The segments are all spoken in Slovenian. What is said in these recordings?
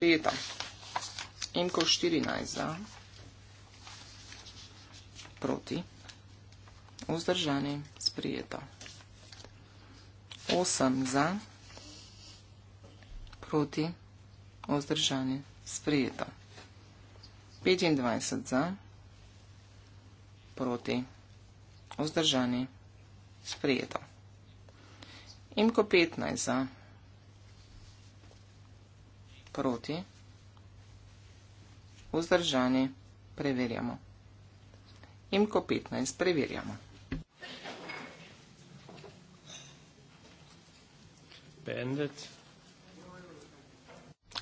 leta. Imko 14 za. Proti. Vzdržani. Sprijeta. 8 za. Proti. Vzdržani. Sprijeta. 25 za. Proti. Vzdržani. Sprijeta. Imko 15 za. Proti proti, vzdržani, preverjamo. Imko 15, preverjamo. 50.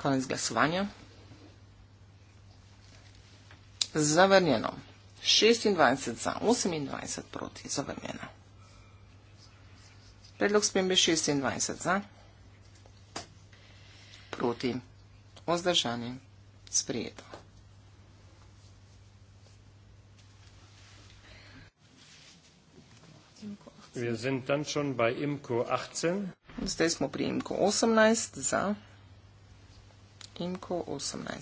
Konec glasovanja. Zavrnjeno. 26 za, 28 proti, zavrnjeno. Predlog spembe 26 za, proti vzdržani, sprijeto. Wir sind dann schon bei IMCO 18. Zdaj smo pri IMCO 18 za IMCO 18.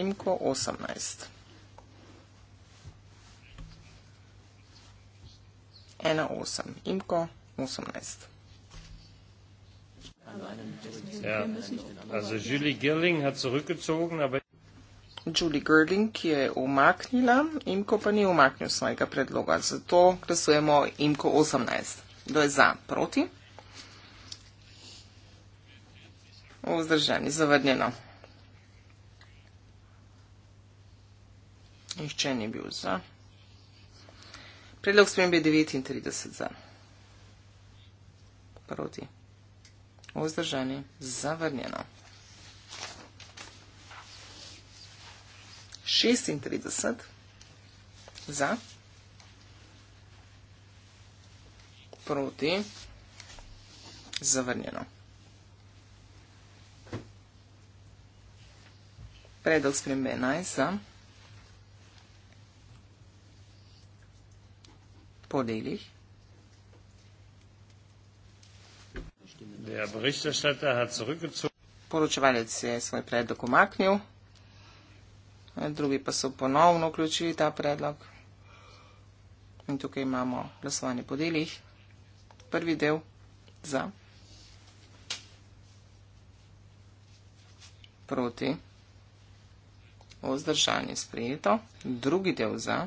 IMCO 18. 1,8. Imko 18. Ja, also Julie Girling hat zurückgezogen, aber Julie Girling je umaknila, Imko pa ni umaknil svojega predloga, zato glasujemo Imko 18. Kdo je za? Proti? Vzdržani, zavrnjeno. Nihče ni bil za. Predlog spremembe je 39 za. Proti. Ozdržani. Zavrnjeno. 36 za. Proti. Zavrnjeno. Predlog spremembe 11 za. podelih. Poročevalec je svoj predlog umaknil, drugi pa so ponovno vključili ta predlog. In tukaj imamo glasovanje po delih. Prvi del za, proti, vzdržanje sprejeto, drugi del za.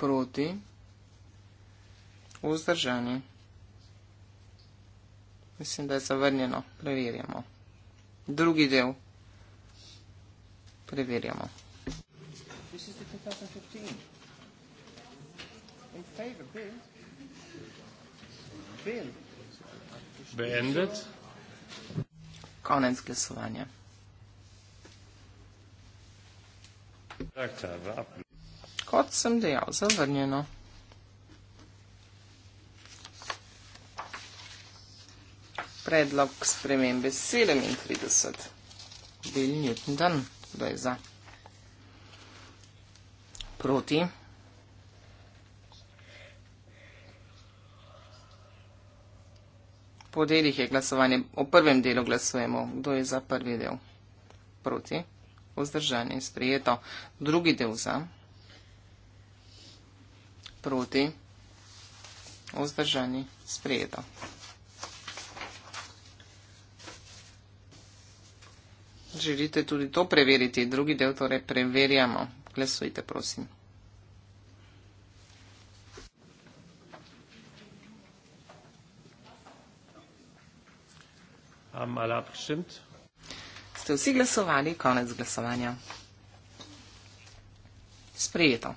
proti, vzdržani. Mislim, da je zavrnjeno. Preverjamo. Drugi del. Preverjamo. Beendet. Konec glasovanja. Dr kot sem dejal, zavrnjeno. Predlog spremembe 37. Bill Newton, da je za. Proti. Po delih je glasovanje, o prvem delu glasujemo, kdo je za prvi del. Proti. Vzdržanje je sprejeto. Drugi del za proti, vzdržani, sprejeto. Želite tudi to preveriti, drugi del torej preverjamo. Glesujte, prosim. Ste vsi glasovali, konec glasovanja. Sprejeto.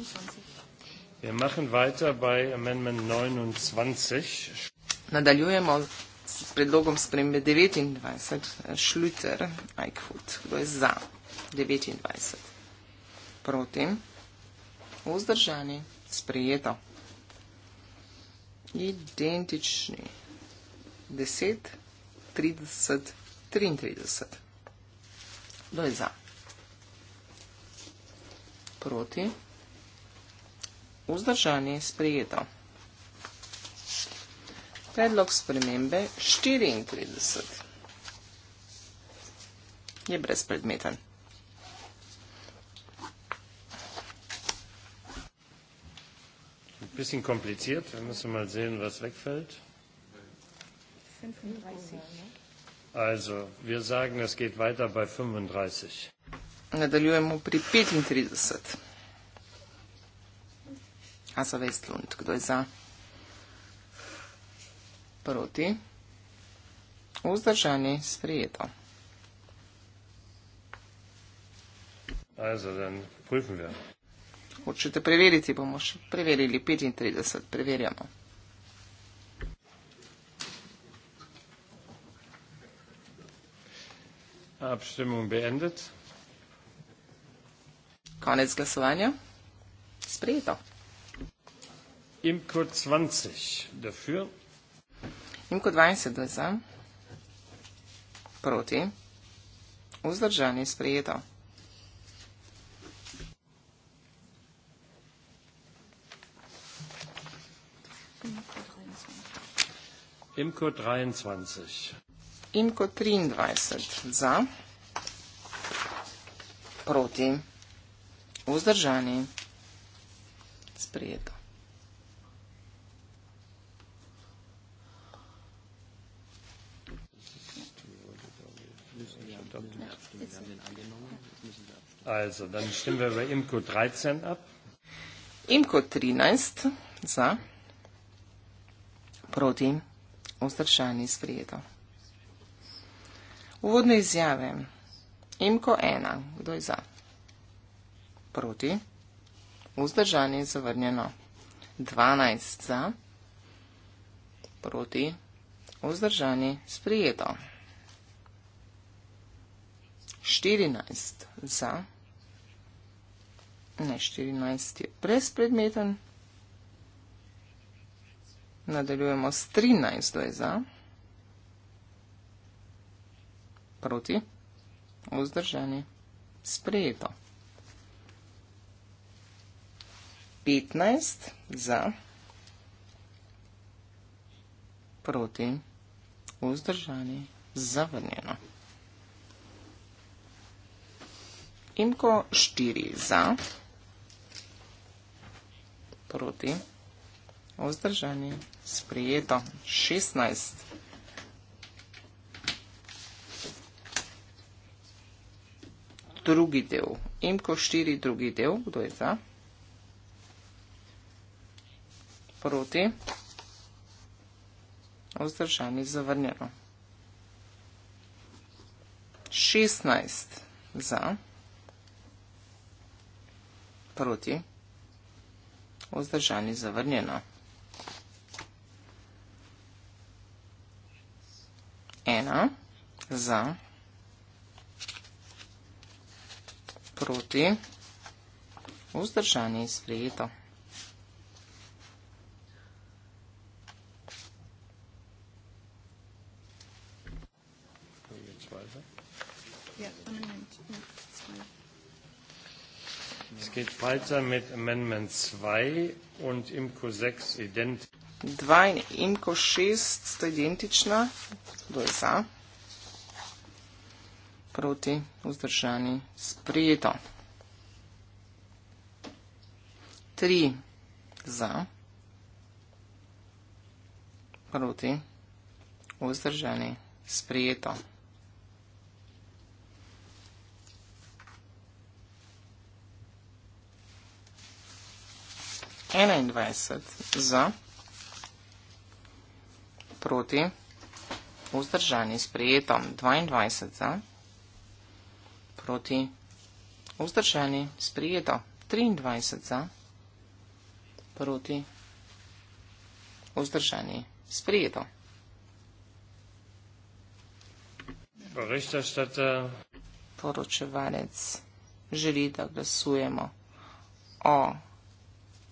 29. Nadaljujemo s predlogom spremembe 29. Schlüter, Eichhut, kdo je za 29? Proti? Vzdržani? Sprejeto. Identični. 10, 30, 33. Kdo je za? Proti? vzdržanje sprejeto. Predlog spremembe 34 je brezpredmeten. Bisschen kompliziert, wir müssen mal sehen, was wegfällt. 35. Also, wir sagen, es geht weiter bei 35. Asa Vestlund. Kdo je za? Proti. Vzdržani sprijeto. Also, dann prüfen wir. Hočete preveriti, bomo še preverili 35, preverjamo. Abstimmung beendet. Konec glasovanja. Sprejeto. Imko 20 dafür. Imko 20 za. Proti. Vzdržanje sprejeto. Imko 23. Imko 23 za. Proti. Vzdržanje sprejeto. Ja. Also, dann stimmen wir über Imco 13 ab. Imco 13 za, proti, vzdržani sprijeto. Uvodne izjave. Imko 1, kdo je za? Proti, vzdržani zavrnjeno. 12 za, proti, vzdržani sprijeto. 14 za, ne 14 je brezpredmeten, nadaljujemo s 13 je za, proti, vzdržanje, sprejeto. 15 za, proti, vzdržanje, zavrnjeno. Imko, štiri za, proti, vzdržani, sprijeto, šestnajst. Drugi del, Imko, štiri, drugi del, kdo je za, proti, vzdržani, zavrnjeno. 16 za proti, vzdržani zavrnjeno. Ena za, proti, vzdržani sprejeto. Palcer mit Amendment 2 und Imco 6 identisch. 2 in Imco 6 sta identična, kdo je za? Proti, vzdržani, sprijeto. 3 za, proti, vzdržani, sprijeto. 21 za, proti, vzdržani, sprejeto, 22 za, proti, vzdržani, sprejeto, 23 za, proti, vzdržani, sprejeto. Poročevalec želi, da glasujemo o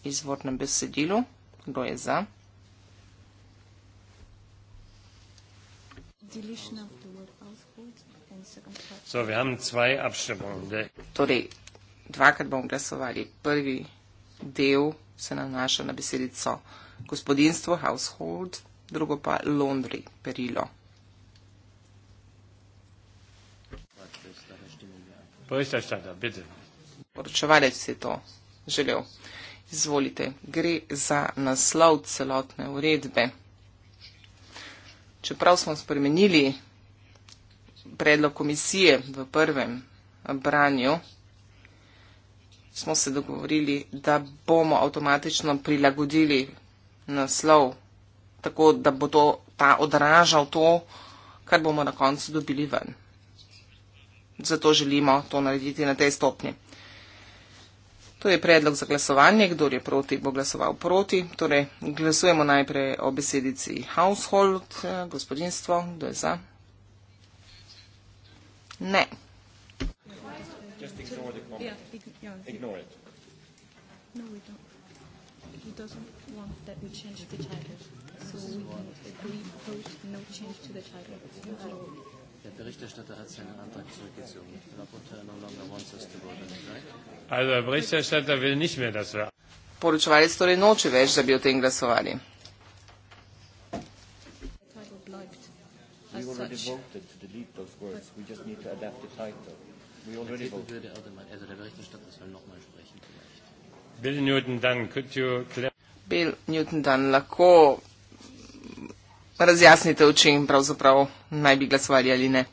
izvornem besedilu. Kdo je za? So, torej, dvakrat bomo glasovali. Prvi del se nanaša na besedico gospodinstvo, household, drugo pa laundry, perilo. Poročevalec si to želel. Izvolite, gre za naslov celotne uredbe. Čeprav smo spremenili predlog komisije v prvem branju, smo se dogovorili, da bomo avtomatično prilagodili naslov, tako da bo to, ta odražal to, kar bomo na koncu dobili ven. Zato želimo to narediti na tej stopni. To je predlog za glasovanje, kdo je proti, bo glasoval proti. Torej, glasujemo najprej o besedici household, eh, gospodinstvo, kdo je za? Ne. No, no Der Berichterstatter hat seinen Antrag zurückgezogen. Der Rapporteur no longer wants us to vote on it, right? Poročevalec torej noče več, da bi o tem glasovali. Bill Newton, dan lahko razjasnite, o čem pravzaprav naj bi glasovali ali ne.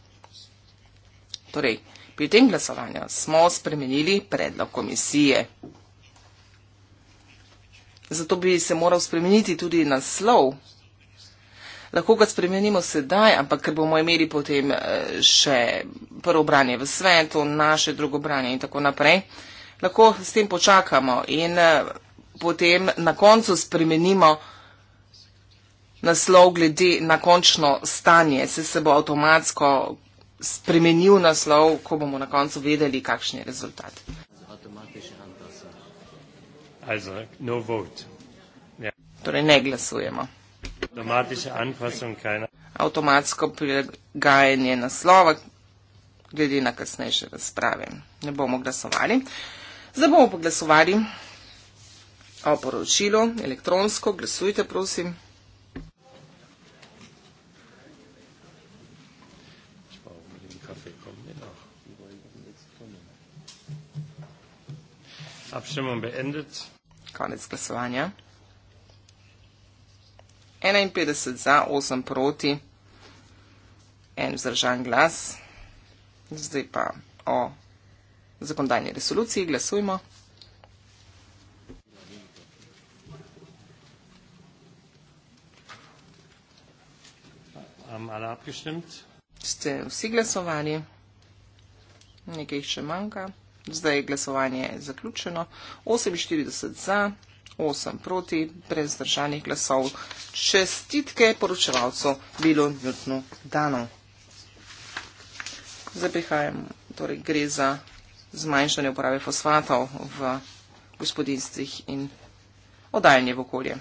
Torej. Pri tem glasovanju smo spremenili predlog komisije. Zato bi se moral spremeniti tudi naslov. Lahko ga spremenimo sedaj, ampak ker bomo imeli potem eh, še prvo branje v svetu, naše drugo branje in tako naprej, lahko s tem počakamo in eh, potem na koncu spremenimo naslov glede na končno stanje. Se se bo avtomatsko spremenil naslov, ko bomo na koncu vedeli, kakšen je rezultat. No ja. Torej ne glasujemo. Avtomatsko prilagajanje naslova, glede na kasnejše razprave. Ne bomo glasovali. Zdaj bomo poglasovali o poročilu elektronsko. Glasujte, prosim. Abstimmung beendet. Konec glasovanja. 51 za, 8 proti, en vzdržan glas. Zdaj pa o zakonodajni resoluciji glasujmo. Ste vsi glasovali? Nekaj še manjka. Zdaj je glasovanje zaključeno. 48 za, 8 proti, brez držanih glasov. Čestitke poročevalcu Bilo Njutnu Danu. Zdaj prihajam, torej gre za zmanjšanje uporabe fosfatov v gospodinstvih in oddaljenje v okolje.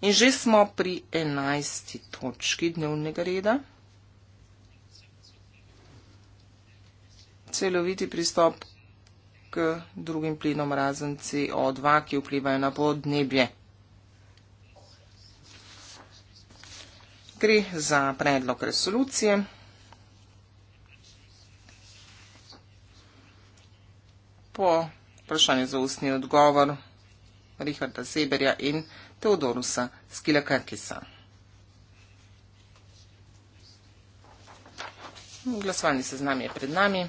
In že smo pri 11. točki dnevnega reda. celoviti pristop k drugim plinom razen CO2, ki vplivajo na podnebje. Gre za predlog resolucije. Po vprašanju za ustni odgovor Richarda Seberja in Teodorusa Skilakakisa. Glasovanje seznam je pred nami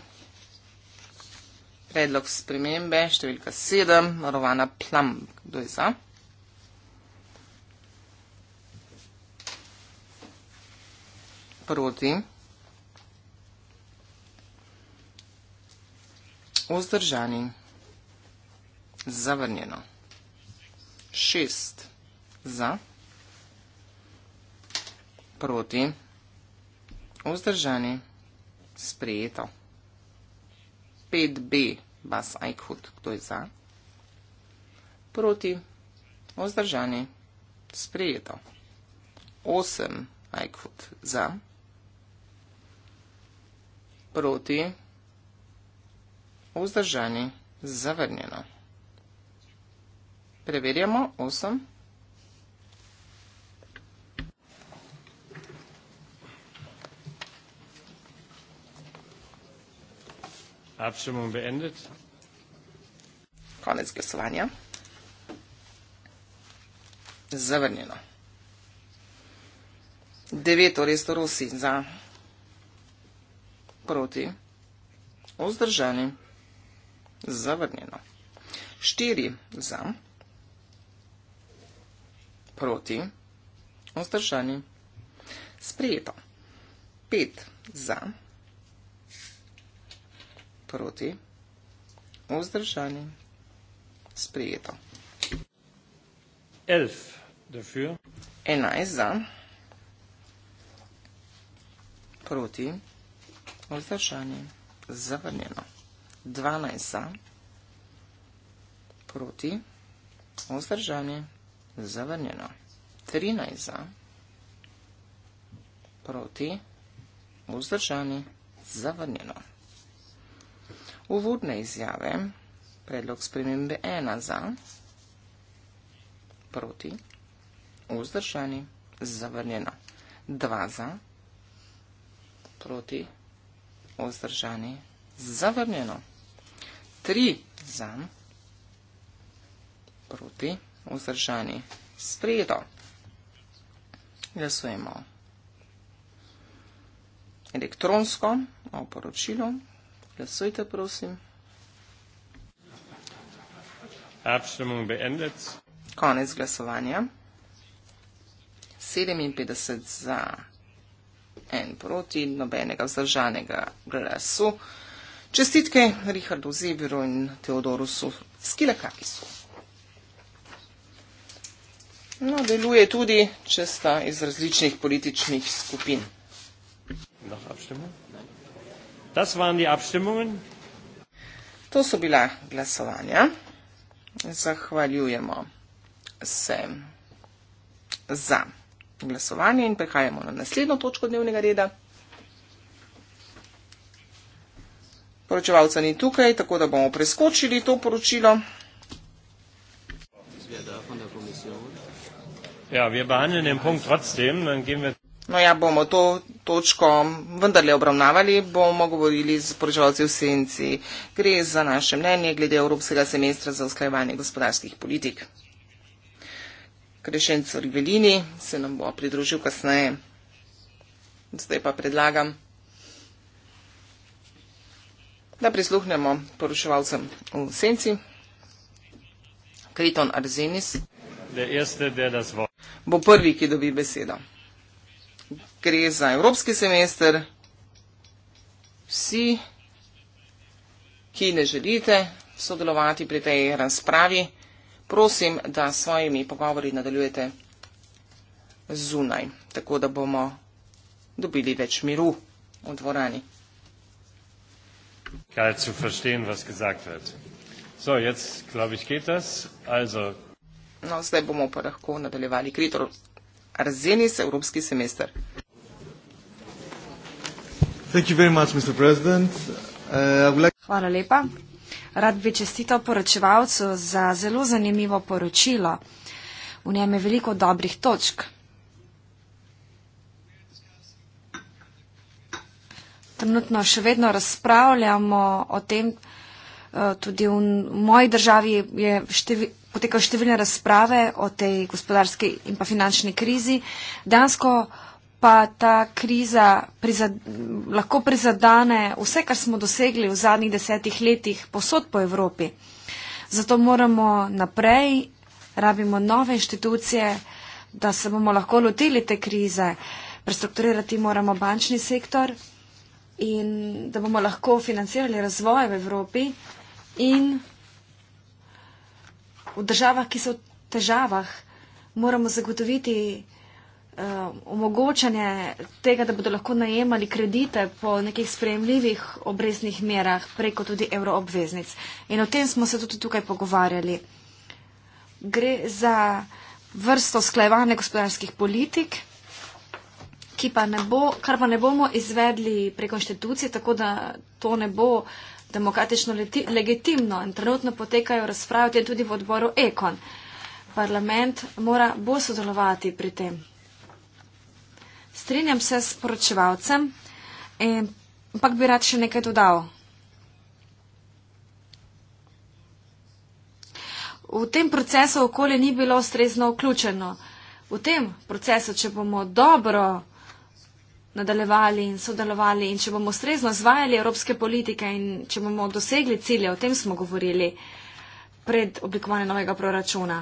predlog spremembe številka 7, Rovana Plam. Kdo je za? Proti. Ozdržani. Zavrnjeno. Šest. Za. Proti. Ozdržani. Sprejeto. 5B Bas Eichhut, kdo je za? Proti, vzdržani, sprejeto. 8 Eichhut za, proti, vzdržani, zavrnjeno. Preverjamo 8. Abstimmung beendet. Konec glasovanja. Zavrnjeno. 9 torej starosti za proti, vzdržani, zavrnjeno. 4 za proti, vzdržani, sprejeto. 5 za proti proti, vzdržani, sprijeto. 11 za, proti, vzdržani, zavrnjeno. 12 za, proti, vzdržani, zavrnjeno. 13 za, proti, vzdržani, zavrnjeno. 14. Uvodne izjave. Predlog spremembe ena za, proti, vzdržani, zavrnjeno. Dva za, proti, vzdržani, zavrnjeno. Tri za, proti, vzdržani, sprejeto. Glasujemo elektronsko o poročilu. Glasujte, prosim. Abstimmung beendet. Konec glasovanja. 57 za, en proti, nobenega vzdržanega glasu. Čestitke Richardu Zibiru in Teodoru Skilekakisu. No, deluje tudi, če sta iz različnih političnih skupin. Noch abstimmung? Das waren die Abstimmungen. To so bila glasovanja. Zahvaljujemo se za glasovanje in prehajamo na naslednjo točko dnevnega reda. Poročevalca ni tukaj, tako da bomo preskočili to poročilo. Ja, wir behandeln den Punkt trotzdem, dann gehen wir. No ja, bomo to točko vendarle obravnavali, bomo govorili z poročevalci v senci. Gre za naše mnenje glede Evropskega semestra za usklajevanje gospodarskih politik. Krešenc Orgelini se nam bo pridružil kasneje. Zdaj pa predlagam, da prisluhnemo poročevalcem v senci. Kriton Arzenis bo prvi, ki dobi besedo gre za evropski semester, vsi, ki ne želite sodelovati pri tej razpravi, prosim, da svojimi pogovori nadaljujete zunaj, tako da bomo dobili več miru v dvorani. Kaj zu verstehen, was gesagt wird. So, jetzt, glaube ich, geht das. Also. No, zdaj bomo pa lahko nadaljevali kritor. Arzenis, Evropski semester. Uh, Hvala lepa. Rad bi čestital poročevalcu za zelo zanimivo poročilo. V njem je veliko dobrih točk. Trenutno še vedno razpravljamo o tem, eh, tudi v moji državi je števi, potekajo številne razprave o tej gospodarski in pa finančni krizi. Dansko pa ta kriza prizad, lahko prizadane vse, kar smo dosegli v zadnjih desetih letih posod po Evropi. Zato moramo naprej, rabimo nove inštitucije, da se bomo lahko lotili te krize. Prestrukturirati moramo bančni sektor in da bomo lahko financirali razvoj v Evropi in v državah, ki so v težavah, moramo zagotoviti eh, omogočanje tega, da bodo lahko najemali kredite po nekih sprejemljivih obreznih merah preko tudi evroobveznic. In o tem smo se tudi tukaj pogovarjali. Gre za vrsto sklajevanja gospodarskih politik, ki pa ne bo, kar pa ne bomo izvedli preko inštitucije, tako da to ne bo uh, demokratično leti, legitimno in trenutno potekajo razprave, tudi, tudi v odboru Ekon. Parlament mora bolj sodelovati pri tem. Strinjam se s poročevalcem, ampak bi rad še nekaj dodal. V tem procesu okolje ni bilo ustrezno vključeno. V tem procesu, če bomo dobro nadaljevali in sodelovali in če bomo ustrezno zvajali evropske politike in če bomo dosegli cilje, o tem smo govorili pred oblikovanjem novega proračuna.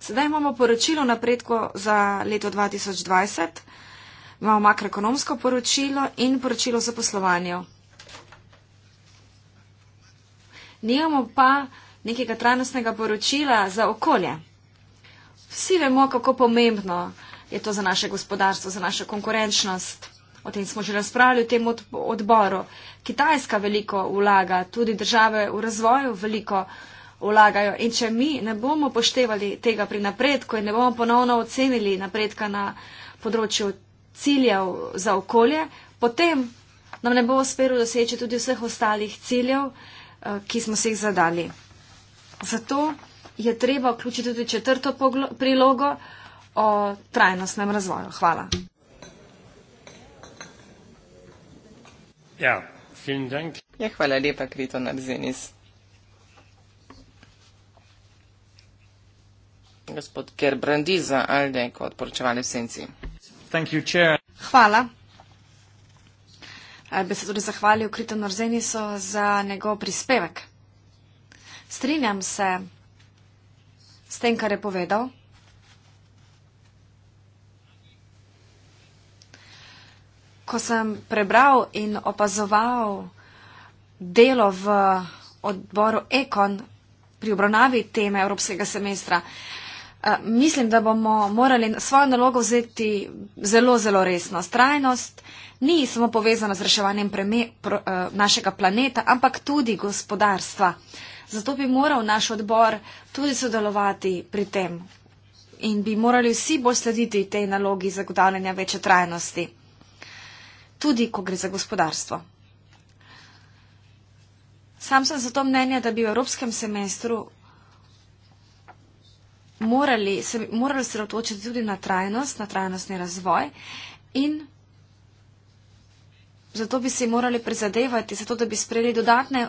Sedaj imamo poročilo napredko za leto 2020, imamo makroekonomsko poročilo in poročilo za poslovanje. Nijamo pa nekega trajnostnega poročila za okolje. Vsi vemo, kako pomembno je je to za naše gospodarstvo, za našo konkurenčnost. O tem smo že razpravljali v tem odboru. Kitajska veliko vlaga, tudi države v razvoju veliko vlagajo. In če mi ne bomo poštevali tega pri napredku in ne bomo ponovno ocenili napredka na področju ciljev za okolje, potem nam ne bo uspelo doseči tudi vseh ostalih ciljev, eh, ki smo si jih zadali. Zato je treba vključiti tudi četrto prilogo, o trajnostnem razvoju. Hvala. Ja, ja, hvala lepa, Krito Narzenis. Gospod Kerbrandi za Alde kot poročevalec v senci. Hvala. Bi se tudi zahvalil Krito Narzenisu za njegov prispevek. Strinjam se s tem, kar je povedal. ko sem prebral in opazoval delo v odboru Ekon pri obravnavi teme Evropskega semestra, eh, mislim, da bomo morali svojo nalogo vzeti zelo, zelo resno. Strajnost ni samo povezana z reševanjem preme, pro, eh, našega planeta, ampak tudi gospodarstva. Zato bi moral naš odbor tudi sodelovati pri tem. In bi morali vsi bolj slediti tej nalogi zagotavljanja večje trajnosti tudi ko gre za gospodarstvo. Sam sem zato mnenja, da bi v evropskem semestru morali se morali sredotočiti tudi na trajnost, na trajnostni razvoj in zato bi se morali prizadevati, zato da bi sprejeli dodatne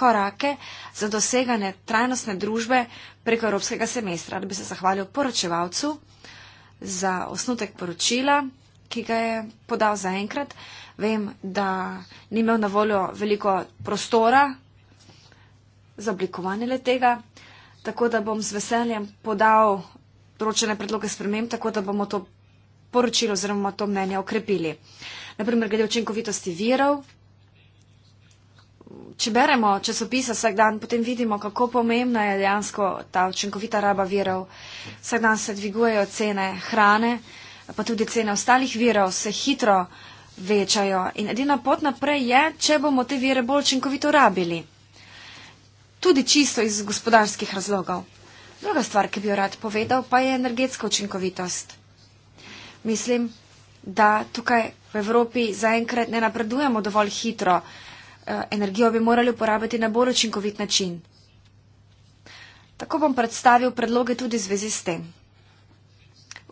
korake za doseganje trajnostne družbe preko evropskega semestra. Da bi se zahvalil poročevalcu za osnutek poročila ki ga je podal zaenkrat. Vem, da ni imel na voljo veliko prostora za oblikovanje le tega, tako da bom z veseljem podal določene predloge sprememb, tako da bomo to poročilo oziroma to mnenje okrepili. Naprimer, glede učinkovitosti virov. Če beremo časopisa vsak dan, potem vidimo, kako pomembna je dejansko ta učinkovita raba virov. Vsak dan se dvigujejo cene hrane pa tudi cene ostalih virov se hitro večajo in edina pot naprej je, če bomo te vire bolj učinkovito rabili. Tudi čisto iz gospodarskih razlogov. Druga stvar, ki bi jo rad povedal, pa je energetska učinkovitost. Mislim, da tukaj v Evropi zaenkrat ne napredujemo dovolj hitro. E, energijo bi morali uporabiti na bolj učinkovit način. Tako bom predstavil predloge tudi v zvezi s tem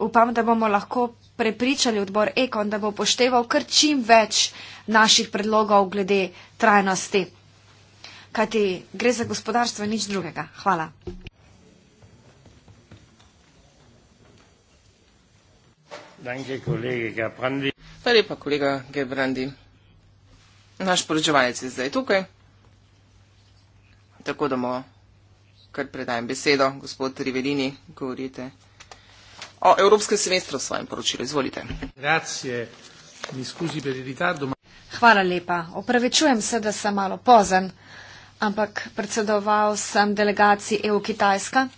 upam, da bomo lahko prepričali odbor Ekon, da bo upošteval kar čim več naših predlogov glede trajnosti. Kajti gre za gospodarstvo in nič drugega. Hvala. Hvala lepa, kolega Gebrandi. Naš poročevalec je zdaj tukaj, tako da mu kar predajem besedo, gospod Rivelini, govorite o evropskem semestru v svojem poročilu. Izvolite. Hvala lepa. Opravičujem se, da sem malo pozen, ampak predsedoval sem delegaciji EU Kitajska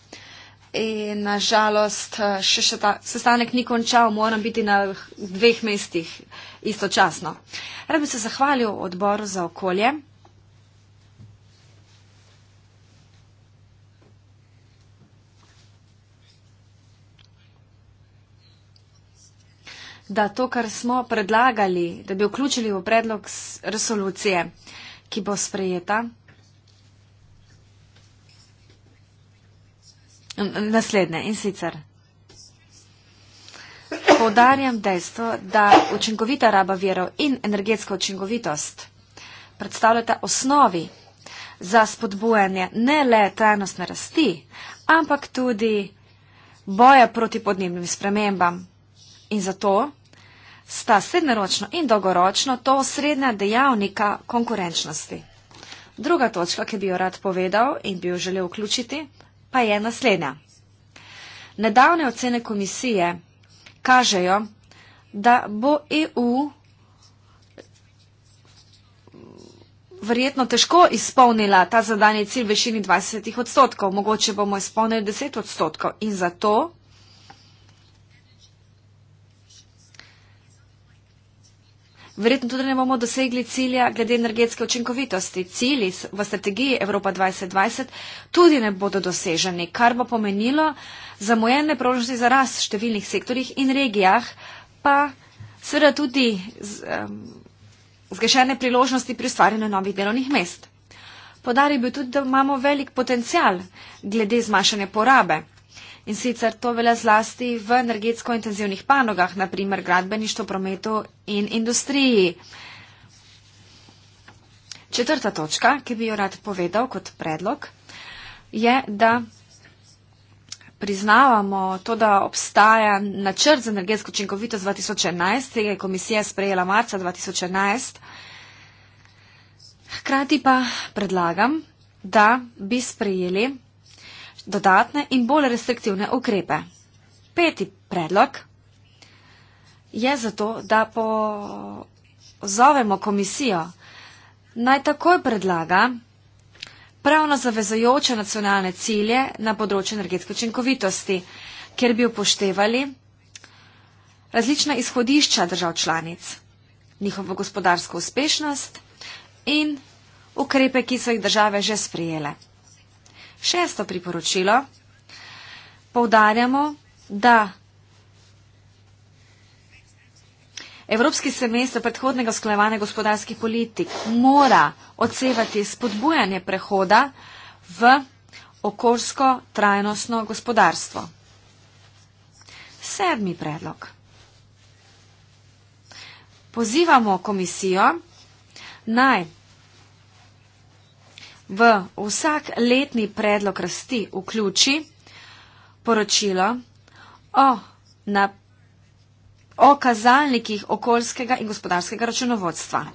in nažalost eh, še, še ta sestanek ni končal, moram biti na dveh mestih istočasno. Rad bi se zahvalil odboru za okolje. da to, kar smo predlagali, da bi vključili v predlog resolucije, ki bo sprejeta naslednje in sicer. Povdarjam dejstvo, da učinkovita raba verov in energetska učinkovitost predstavljata osnovi za spodbujanje ne le trajnostne rasti, ampak tudi boja proti podnebnim spremembam. In zato sta srednjeročno in dolgoročno to srednja dejavnika konkurenčnosti. Druga točka, ki bi jo rad povedal in bi jo želel vključiti, pa je naslednja. Nedavne ocene komisije kažejo, da bo EU verjetno težko izpolnila ta zadanji cilj v višini 20 odstotkov, mogoče bomo izpolnili 10 odstotkov in zato Verjetno tudi ne bomo dosegli cilja glede energetske učinkovitosti. Cilji v strategiji Evropa 2020 tudi ne bodo doseženi, kar bo pomenilo zamujene prožnosti za rast v številnih sektorjih in regijah, pa seveda tudi zgešene priložnosti pri ustvarjanju novih delovnih mest. Podaril bi tudi, da imamo velik potencial glede zmanjšanja porabe. In sicer to velja zlasti v energetsko intenzivnih panogah, naprimer gradbeništvo, prometu in industriji. Četrta točka, ki bi jo rad povedal kot predlog, je, da priznavamo to, da obstaja načrt za energetsko učinkovitost 2011, tega je komisija sprejela marca 2011. Hkrati pa predlagam, da bi sprejeli dodatne in bolj restriktivne ukrepe. Peti predlog je zato, da pozovemo komisijo, naj takoj predlaga pravno zavezojoče nacionalne cilje na področju energetske učinkovitosti, ker bi upoštevali različna izhodišča držav članic, njihovo gospodarsko uspešnost in ukrepe, ki so jih države že sprijele. Šesto priporočilo. Poudarjamo, da Evropski semestr predhodnega sklajevanja gospodarskih politik mora odsevati spodbujanje prehoda v okoljsko trajnostno gospodarstvo. Sedmi predlog. Pozivamo komisijo naj v vsak letni predlog rasti vključi poročilo o, na, o kazalnikih okoljskega in gospodarskega računovodstva.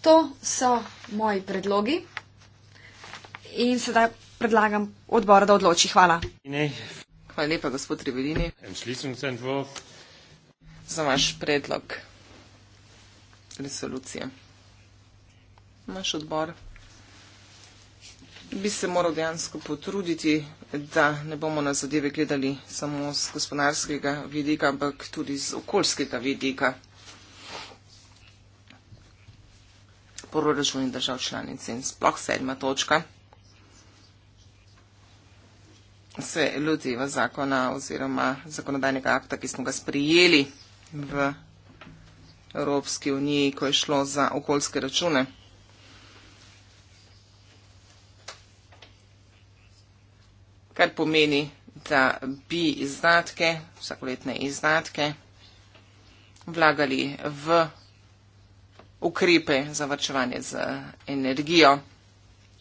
To so moji predlogi in sedaj predlagam odbor, da odloči. Hvala. Hvala lepa, gospod Rivelini. Za vaš predlog resolucije. Naš odbor bi se moral dejansko potruditi, da ne bomo na zadeve gledali samo z gospodarskega vidika, ampak tudi z okoljskega vidika. Proračun držav članic in sploh sedma točka se loteva zakona oziroma zakonodajnega akta, ki smo ga sprijeli v Evropski uniji, ko je šlo za okoljske račune. kar pomeni, da bi izdatke, vsakoletne izdatke, vlagali v ukrepe za vrčevanje z energijo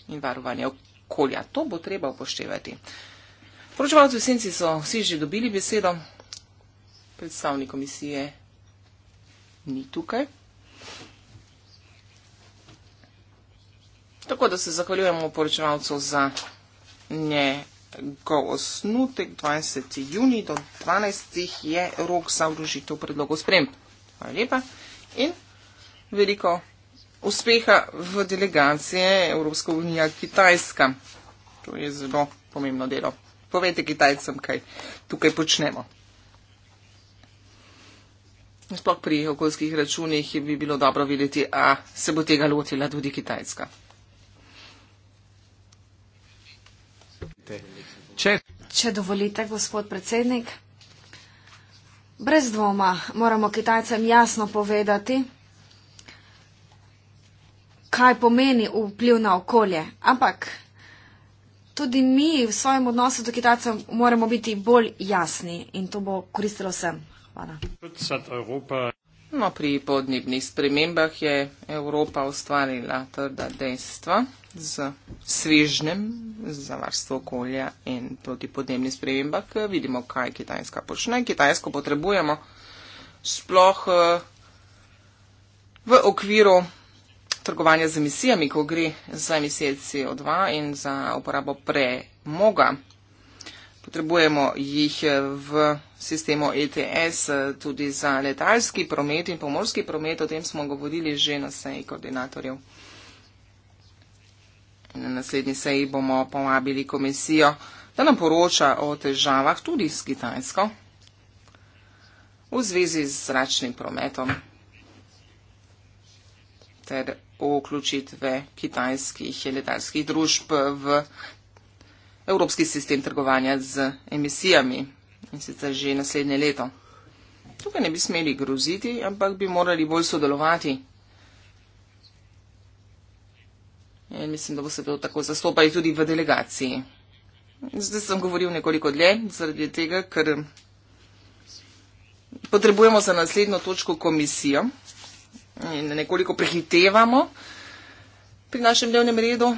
in varovanje okolja. To bo treba upoštevati. Poročevalci v senci so vsi že dobili besedo, predstavnik komisije ni tukaj. Tako da se zahvaljujemo poročevalcu za nje Ko osnutek 20. juni do 12. je rok za vložitev predlogov sprem. Hvala lepa in veliko uspeha v delegacije Evropska unija Kitajska. To je zelo pomembno delo. Povejte Kitajcem, kaj tukaj počnemo. Sploh pri okoljskih računih bi bilo dobro videti, a se bo tega lotila tudi Kitajska. Če... Če dovolite, gospod predsednik, brez dvoma moramo Kitajcem jasno povedati, kaj pomeni vpliv na okolje. Ampak tudi mi v svojem odnosu do Kitajcev moramo biti bolj jasni in to bo koristilo vsem. Hvala. No, pri podnebnih spremembah je Evropa ustvarila trda dejstva z svežnem za varstvo okolja in proti podnebnih spremembah. Vidimo, kaj Kitajska počne. Kitajsko potrebujemo sploh eh, v okviru trgovanja z emisijami, ko gre za emisije CO2 in za uporabo premoga. Potrebujemo jih eh, v sistemu ETS eh, tudi za letalski promet in pomorski promet. O tem smo govorili že na seji koordinatorjev. Na naslednji seji bomo povabili komisijo, da nam poroča o težavah tudi s Kitajsko v zvezi z zračnim prometom ter o vključitve kitajskih letalskih družb v evropski sistem trgovanja z emisijami in sicer že naslednje leto. Tukaj ne bi smeli groziti, ampak bi morali bolj sodelovati. In mislim, da bo se to tako zastopali tudi v delegaciji. Zdaj sem govoril nekoliko dlje, zaradi tega, ker potrebujemo za naslednjo točko komisijo in nekoliko prehitevamo pri našem dnevnem redu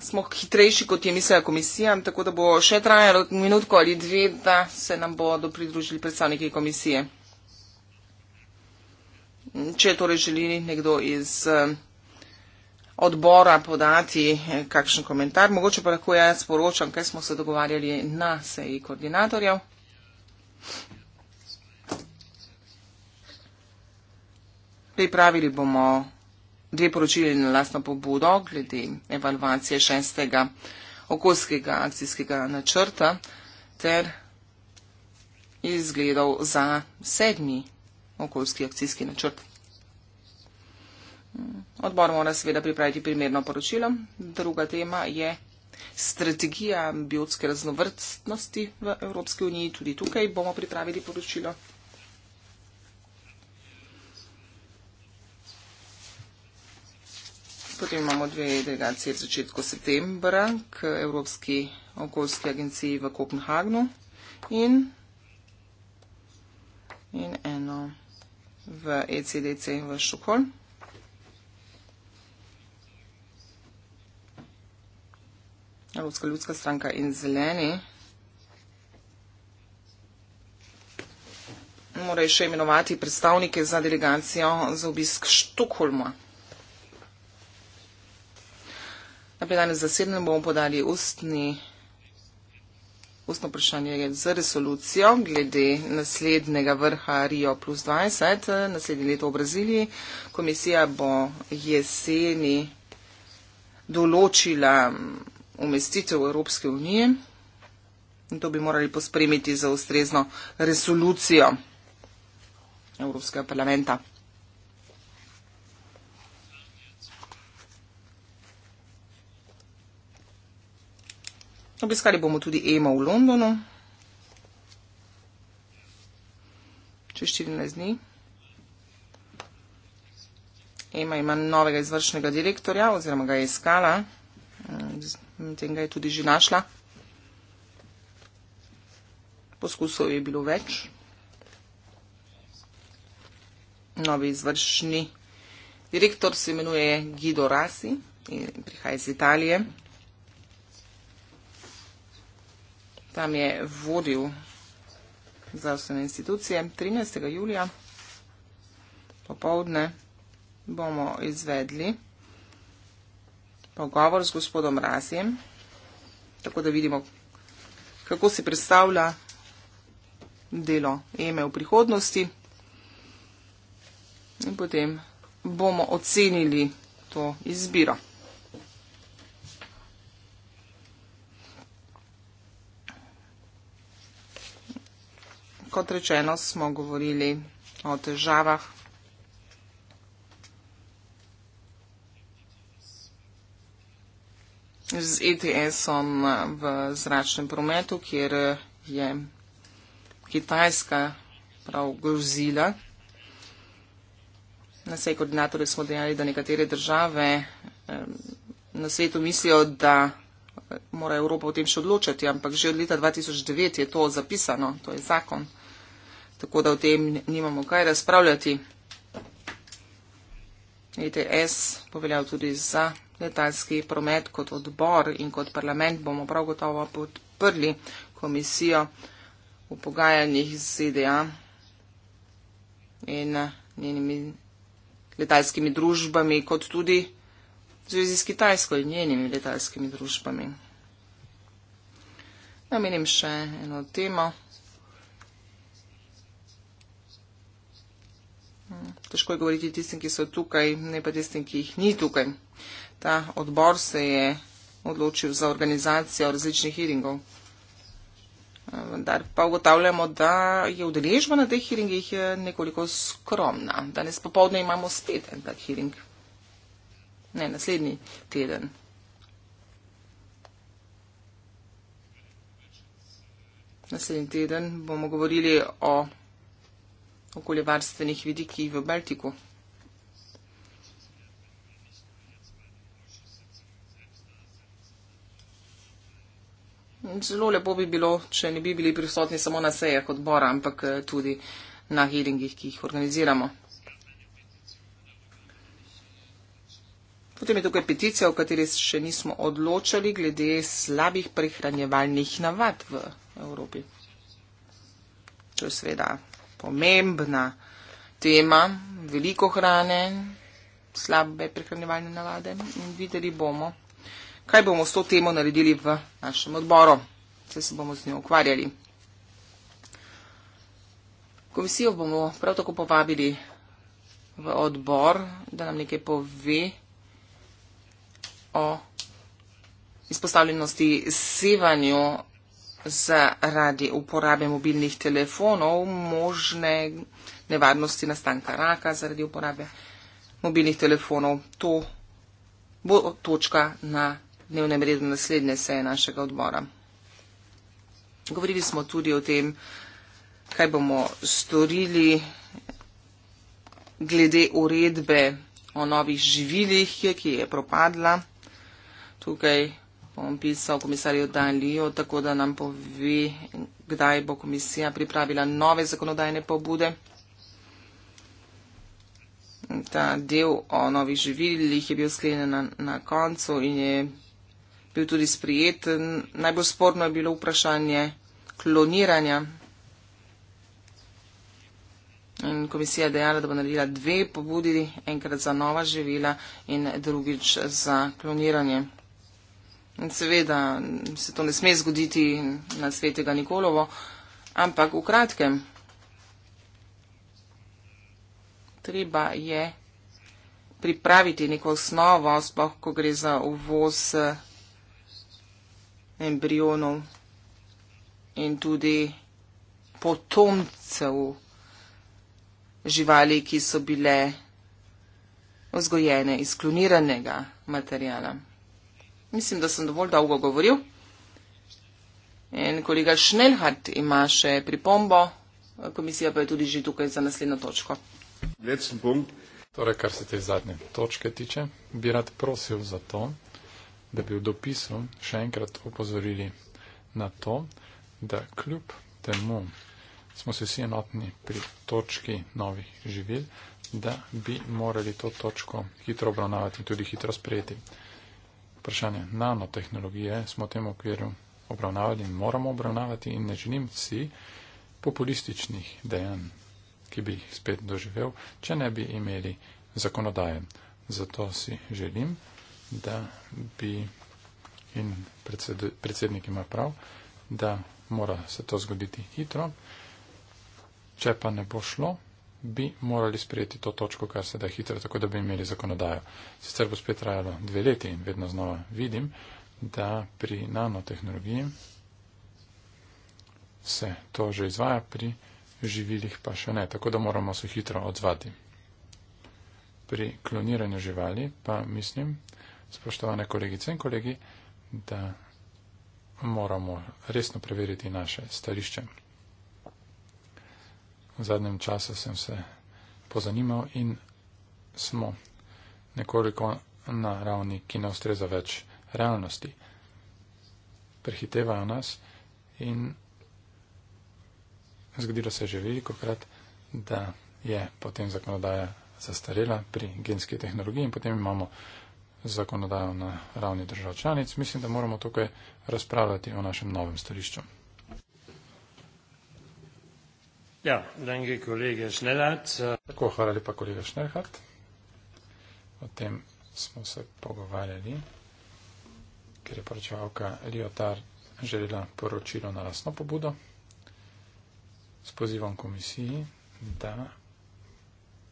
smo hitrejši, kot je mislila komisija, tako da bo še trajalo minutko ali dve, da se nam bodo pridružili predstavniki komisije. Če torej želi nekdo iz eh, odbora podati eh, kakšen komentar, mogoče pa lahko jaz sporočam, kaj smo se dogovarjali na seji koordinatorjev. Pripravili bomo dve poročili na lastno pobudo glede evalvacije šestega okoljskega akcijskega načrta ter izgledov za sedmi okoljski akcijski načrt. Odbor mora seveda pripraviti primerno poročilo. Druga tema je strategija biotske raznovrstnosti v Evropski uniji. Tudi tukaj bomo pripravili poročilo. Potem imamo dve delegacije v začetku septembra k Evropski okoljski agenciji v Kopenhagnu in, in eno v ECDC v Štokholm. Evropska ljudska stranka in zeleni. Morajo še imenovati predstavnike za delegacijo za obisk Štokholma. Na plenarni zasedanju bomo podali ustni, ustno vprašanje z resolucijo glede naslednjega vrha Rio plus 20, naslednje leto v Braziliji. Komisija bo jeseni določila umestitev Evropske unije in to bi morali pospremiti za ustrezno resolucijo Evropskega parlamenta. Obiskali bomo tudi EMA v Londonu. Čez 14 dni. EMA ima novega izvršnega direktorja oziroma ga je iskala. Mm, tem ga je tudi že našla. Poskusov je bilo več. Novi izvršni direktor se imenuje Guido Rasi in prihaja iz Italije. tam je vodil zdravstvene institucije. 13. julija popovdne bomo izvedli pogovor z gospodom Rasjem, tako da vidimo, kako si predstavlja delo EME v prihodnosti. In potem bomo ocenili to izbiro. kot rečeno, smo govorili o težavah. Z ETS-om v zračnem prometu, kjer je Kitajska prav grozila. Na sej koordinatorju smo dejali, da nekatere države na svetu mislijo, da mora Evropa o tem še odločati, ampak že od leta 2009 je to zapisano, to je zakon tako da o tem nimamo kaj razpravljati. ETS bo veljal tudi za letalski promet kot odbor in kot parlament bomo prav gotovo podprli komisijo v pogajanjih z ZDA in njenimi letalskimi družbami, kot tudi v zvezi s Kitajsko in njenimi letalskimi družbami. Namenim še eno temo. Težko je govoriti tistim, ki so tukaj, ne pa tistim, ki jih ni tukaj. Ta odbor se je odločil za organizacijo različnih hearingov. Eh, vendar pa ugotavljamo, da je udeležba na teh hearingih eh, nekoliko skromna. Danes popovdne imamo spet en tak hearing. Ne, naslednji teden. Naslednji teden bomo govorili o okoljevarstvenih vidikih v Baltiku. Zelo lepo bi bilo, če ne bi bili prisotni samo na sejah odbora, ampak eh, tudi na hearingih, ki jih organiziramo. Potem je tukaj peticija, o kateri še nismo odločali, glede slabih prehranjevalnih navad v Evropi. To je sveda pomembna tema, veliko hrane, slabe prehranjevalne navade in videli bomo, kaj bomo s to temo naredili v našem odboru, če se bomo z njo ukvarjali. Komisijo bomo prav tako povabili v odbor, da nam nekaj pove o izpostavljenosti sevanju zaradi uporabe mobilnih telefonov možne nevarnosti nastanka raka zaradi uporabe mobilnih telefonov. To bo točka na dnevnem redu naslednje seje našega odbora. Govorili smo tudi o tem, kaj bomo storili glede uredbe o novih živilih, ki je propadla. Tukaj bom pisal komisarju Danliju, tako da nam pove, kdaj bo komisija pripravila nove zakonodajne pobude. Ta del o novih živilih je bil sklenjen na, na koncu in je bil tudi sprijet. Najbolj sporno je bilo vprašanje kloniranja. In komisija je dejala, da bo naredila dve pobudi, enkrat za nova živila in drugič za kloniranje. In seveda se to ne sme zgoditi na svetega Nikolovo, ampak v kratkem. Treba je pripraviti neko osnovo, spoh, ko gre za uvoz embrionov in tudi potomcev živali, ki so bile vzgojene iz kloniranega materijala. Mislim, da sem dovolj dolgo govoril. En kolega Šnelhart ima še pripombo, komisija pa je tudi že tukaj za naslednjo točko. Torej, kar se te zadnje točke tiče, bi rad prosil za to, da bi v dopisu še enkrat opozorili na to, da kljub temu smo se vsi enotni pri točki novih živil, da bi morali to točko hitro obravnavati in tudi hitro sprejeti vprašanje nanotehnologije smo v tem okviru obravnavali in moramo obravnavati in ne želim si populističnih dejanj, ki bi jih spet doživel, če ne bi imeli zakonodaje. Zato si želim, da bi in predsed, predsednik ima prav, da mora se to zgoditi hitro. Če pa ne bo šlo, bi morali sprejeti to točko, kar se da hitro, tako da bi imeli zakonodajo. Sicer bo spet trajalo dve leti in vedno znova vidim, da pri nanotehnologiji se to že izvaja, pri živilih pa še ne, tako da moramo se hitro odzvati. Pri kloniranju živali pa mislim, spoštovane kolegice in kolegi, da moramo resno preveriti naše stališče. V zadnjem času sem se pozanimal in smo nekoliko na ravni, ki ne ustreza več realnosti. Prehitevajo nas in zgodilo se že veliko krat, da je potem zakonodaja zastarela pri genski tehnologiji in potem imamo zakonodajo na ravni držav članic. Mislim, da moramo tukaj razpravljati o našem novem stališču. Ja, drage kolege Šnelat. Eh, Tako, hvala lepa, kolega Šnelhart. O tem smo se pogovarjali, ker je poročevalka Liotar želela poročilo na lasno pobudo s pozivom komisiji, da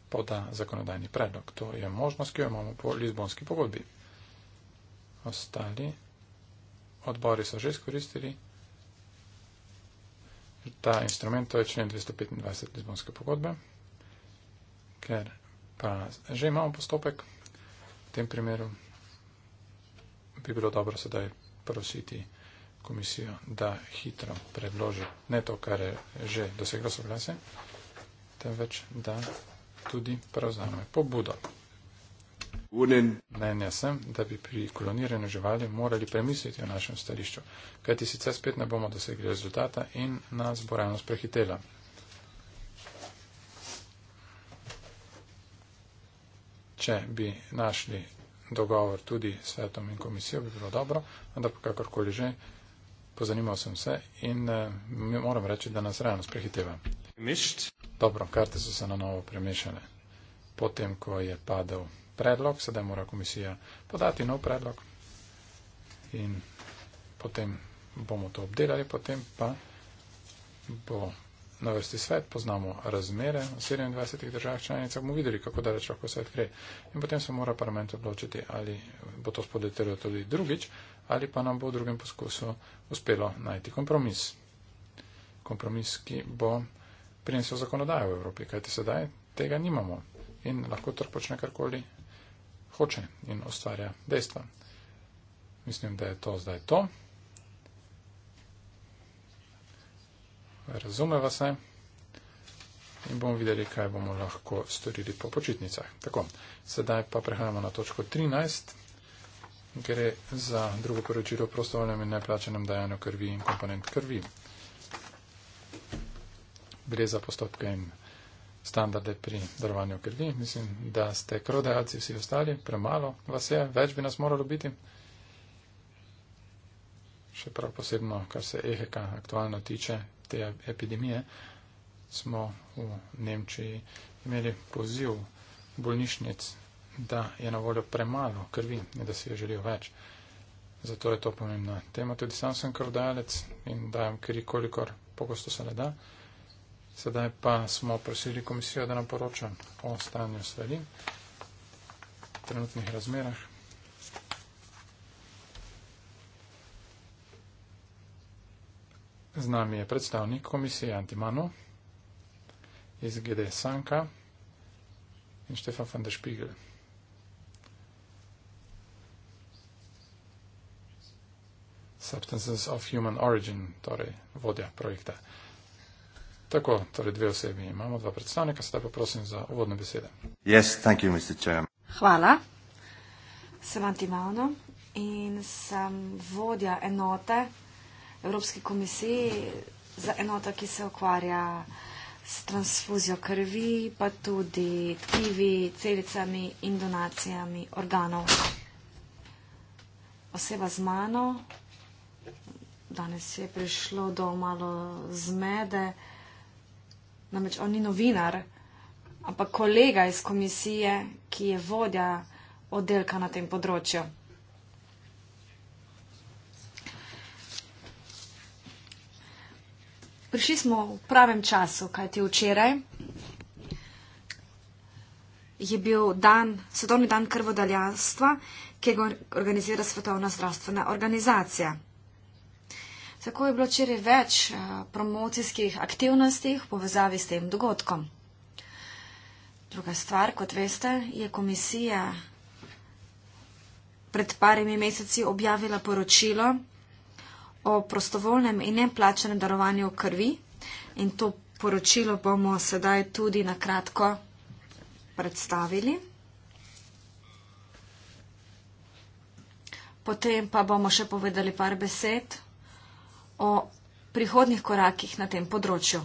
poda zakonodajni predlog. To je možnost, ki jo imamo po Lizbonski pogodbi. Ostali odbori so že izkoristili ta instrument, to je člen 225 Lizbonske pogodbe, ker pa že imamo postopek v tem primeru, bi bilo dobro sedaj prositi komisijo, da hitro predloži ne to, kar je že doseglo soglasje, temveč da tudi prevzame pobudo. Mnenja sem, da bi pri kloniranju živali morali premisliti o našem stališču, kajti sicer spet ne bomo dosegli rezultata in nas bo realnost prehitela. Če bi našli dogovor tudi s svetom in komisijo, bi bilo dobro, vendar pa kakorkoli že, pozanimal sem se in eh, moram reči, da nas realnost prehiteva. Mišt. Dobro, karte so se na novo premešane, potem ko je padal predlog, sedaj mora komisija podati nov predlog in potem bomo to obdelali, potem pa bo na vrsti svet, poznamo razmere v 27 državah članicah, bomo videli, kako daleč lahko svet gre. In potem se mora parlament odločiti, ali bo to spodletelo tudi drugič, ali pa nam bo v drugem poskusu uspelo najti kompromis. Kompromis, ki bo prinesel zakonodajo v Evropi, kajti sedaj tega nimamo. In lahko trpočne karkoli hoče in ustvarja dejstva. Mislim, da je to zdaj to. Razumeva se in bomo videli, kaj bomo lahko storili po počitnicah. Tako, sedaj pa prehajamo na točko 13. Gre za drugo poročilo o prostovoljnem in neplačenem dajanju krvi in komponent krvi. Gre za postopke in standarde pri darovanju krvi. Mislim, da ste krvodajalci vsi ostali, premalo vas je, več bi nas moralo biti. Še prav posebno, kar se EHK aktualno tiče te epidemije, smo v Nemčiji imeli poziv bolnišnic, da je na voljo premalo krvi in da si jo želijo več. Zato je to pomembna tema. Tudi sam sem krvodajalec in dajem kri, kolikor pogosto se le da. Sedaj pa smo prosili komisijo, da nam poroča o stanju stvari v trenutnih razmerah. Z nami je predstavnik komisije Antimano iz GD Sanka in Štefan van der Spiegel. Substances of Human Origin, torej vodja projekta. Tako, torej dve osebi imamo, dva predstavnika, sedaj pa prosim za uvodne besede. Yes, thank you, Mr. Chairman. Hvala. Sem Antimavno in sem vodja enote Evropske komisije za enoto, ki se ukvarja s transfuzijo krvi, pa tudi tkivi, celicami in donacijami organov. Oseba z mano, danes je prišlo do malo zmede, namreč on ni novinar, ampak kolega iz komisije, ki je vodja oddelka na tem področju. Prišli smo v pravem času, kajti včeraj je bil dan, svetovni dan krvodaljanstva, ki ga organizira Svetovna zdravstvena organizacija. Tako je bilo včeraj več eh, promocijskih aktivnosti v povezavi s tem dogodkom. Druga stvar, kot veste, je komisija pred parimi meseci objavila poročilo o prostovolnem in neplačenem darovanju krvi in to poročilo bomo sedaj tudi na kratko predstavili. Potem pa bomo še povedali par besed o prihodnih korakih na tem področju.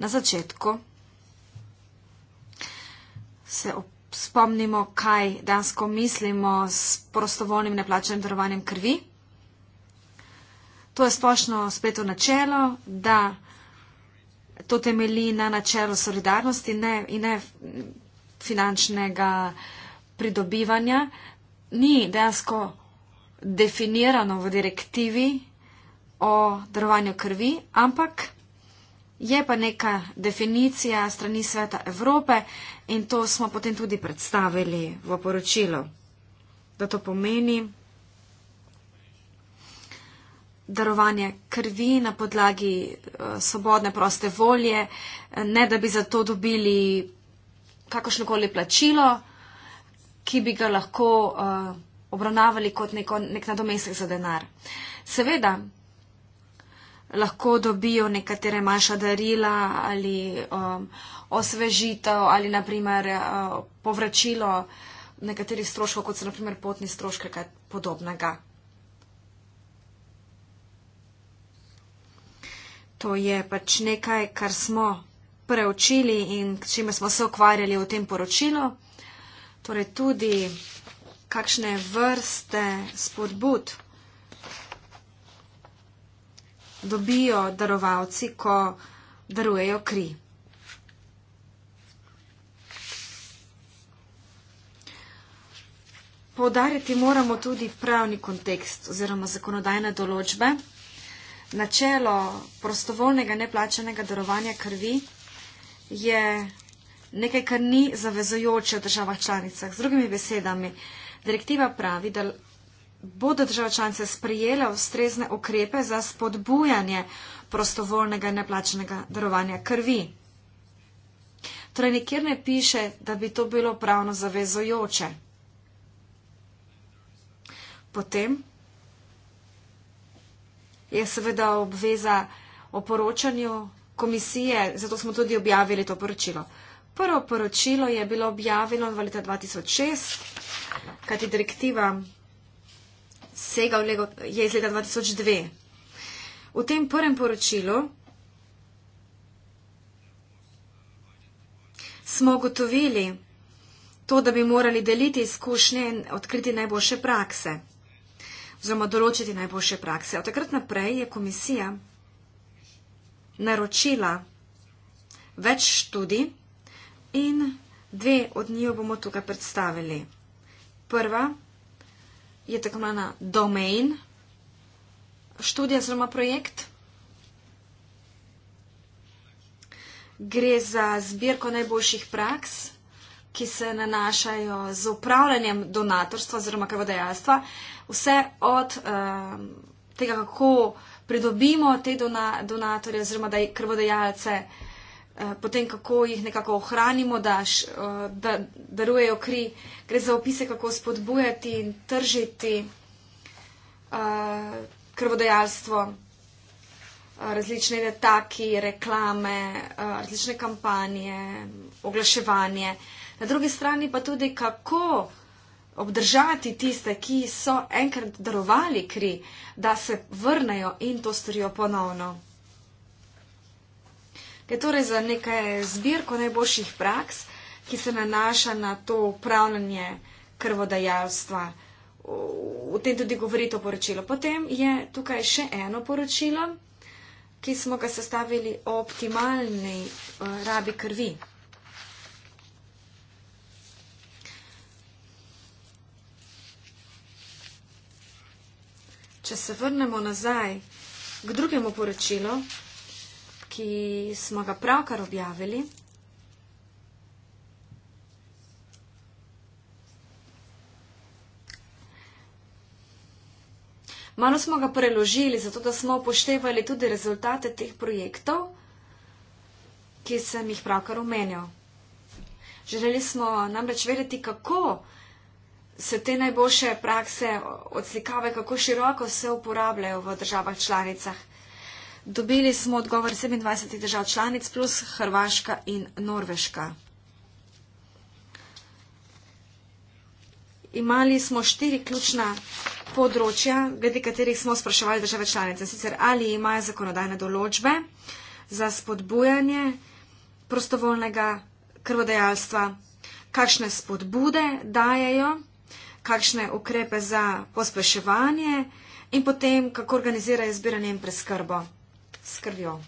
Na začetku se spomnimo, kaj dansko mislimo s prostovoljnim neplačenim darovanjem krvi. To je splošno spet v načelo, da to temelji na načelu solidarnosti ne, in ne finančnega pridobivanja. Ni dejansko definirano v direktivi o darovanju krvi, ampak je pa neka definicija strani Sveta Evrope in to smo potem tudi predstavili v poročilu, da to pomeni darovanje krvi na podlagi eh, svobodne proste volje, ne da bi za to dobili kakršnokoli plačilo, ki bi ga lahko uh, obravnavali kot neko, nek nadomestek za denar. Seveda, lahko dobijo nekatere manjša darila ali um, osvežitev ali naprimer uh, povračilo nekaterih stroškov, kot so naprimer potni stroške, kaj podobnega. To je pač nekaj, kar smo preučili in s čime smo se ukvarjali v tem poročilu. Torej tudi kakšne vrste spodbud dobijo darovalci, ko darujejo kri. Poudariti moramo tudi pravni kontekst oziroma zakonodajne določbe. Načelo prostovoljnega neplačanega darovanja krvi je nekaj, kar ni zavezojoče v državah članicah. Z drugimi besedami, Direktiva pravi, da bodo države članice sprijele ustrezne ukrepe za spodbujanje prostovoljnega in neplačenega darovanja krvi. Torej, nikjer ne piše, da bi to bilo pravno zavezojoče. Potem je seveda obveza o poročanju komisije, zato smo tudi objavili to poročilo. Prvo poročilo je bilo objavljeno v leta 2006 kajti direktiva sega lego, je iz leta 2002. V tem prvem poročilu smo ugotovili to, da bi morali deliti izkušnje in odkriti najboljše prakse oziroma določiti najboljše prakse. Od takrat naprej je komisija naročila več študij in dve od njih bomo tukaj predstavili. Prva je tako imenovana domain, študija oziroma projekt. Gre za zbirko najboljših praks, ki se nanašajo z upravljanjem donatorstva oziroma kavodajalstva. Vse od um, tega, kako pridobimo te donatorje oziroma da je krvodajalce. Eh, potem kako jih nekako ohranimo, da, š, eh, da darujejo kri. Gre za opise, kako spodbujati in tržiti eh, krvodajalstvo, različne letaki, reklame, različne kampanje, oglaševanje. Na drugi strani pa tudi, kako obdržati tiste, ki so enkrat darovali kri, da se vrnejo in to storijo ponovno. Gre torej za nekaj zbirko najboljših praks, ki se nanaša na to upravljanje krvodajalstva. O tem tudi govori to poročilo. Potem je tukaj še eno poročilo, ki smo ga sestavili o optimalni eh, rabi krvi. Če se vrnemo nazaj k drugemu poročilu, ki smo ga pravkar objavili. Malo smo ga preložili, zato da smo upoštevali tudi rezultate teh projektov, ki sem jih pravkar omenjal. Želeli smo namreč vedeti, kako se te najboljše prakse odslikave, kako široko se uporabljajo v državah članicah. Dobili smo odgovor 27 držav članic plus Hrvaška in Norveška. Imali smo štiri ključna področja, glede katerih smo spraševali države članice. Sicer ali imajo zakonodajne določbe za spodbujanje prostovoljnega krvodajalstva, kakšne spodbude dajejo, kakšne ukrepe za pospeševanje in potem kako organizirajo zbiranje in preskrbo s krvjo.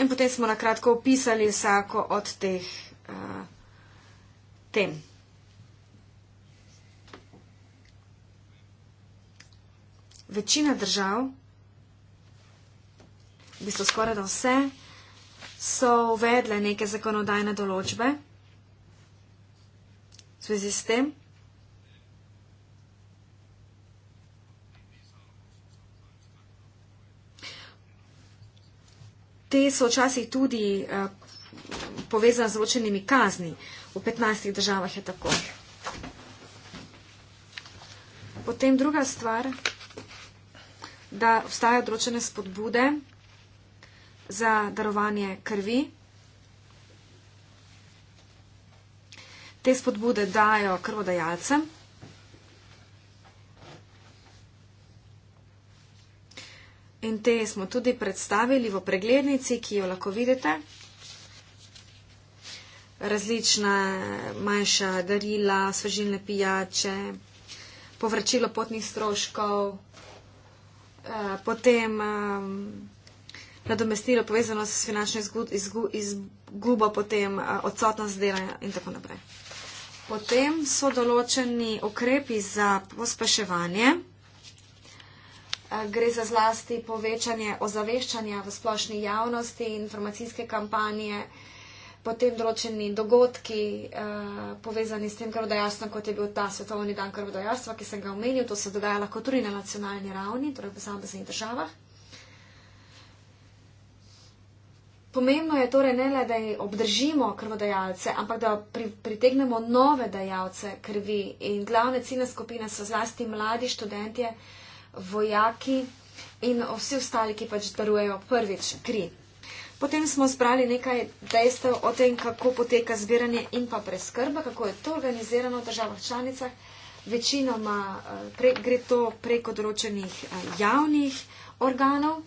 In potem smo na kratko opisali vsako od teh uh, tem. Večina držav, v bistvu skoraj da vse, so uvedle neke zakonodajne določbe v zvezi s tem. te so včasih tudi eh, povezane z zločenimi kazni. V 15 državah je tako. Potem druga stvar, da obstajajo odročene spodbude za darovanje krvi. Te spodbude dajo krvodajalcem, in te smo tudi predstavili v preglednici, ki jo lahko vidite. Različna manjša darila, svežilne pijače, povračilo potnih stroškov, eh, potem ehm, nadomestilo povezano s finančno izgubo, potem eh, odsotnost dela in tako naprej. Potem so določeni ukrepi za pospeševanje. Eh, gre za zlasti povečanje ozaveščanja v splošni javnosti, informacijske kampanje, potem določeni dogodki eh, povezani s tem krvodajstvom, kot je bil ta svetovni dan krvodajstva, ki sem ga omenil, to se dogaja lahko tudi na nacionalni ravni, torej v posameznih državah. Pomembno je torej ne le, da obdržimo krvodajalce, ampak da pri, pritegnemo nove dajalce krvi. In glavne ciljne skupine so zlasti mladi študentje, vojaki in vsi ostali, ki pač darujejo prvič kri. Potem smo zbrali nekaj dejstev o tem, kako poteka zbiranje in pa preskrba, kako je to organizirano v državah članicah. Večinoma eh, pre, gre to preko določenih eh, javnih organov.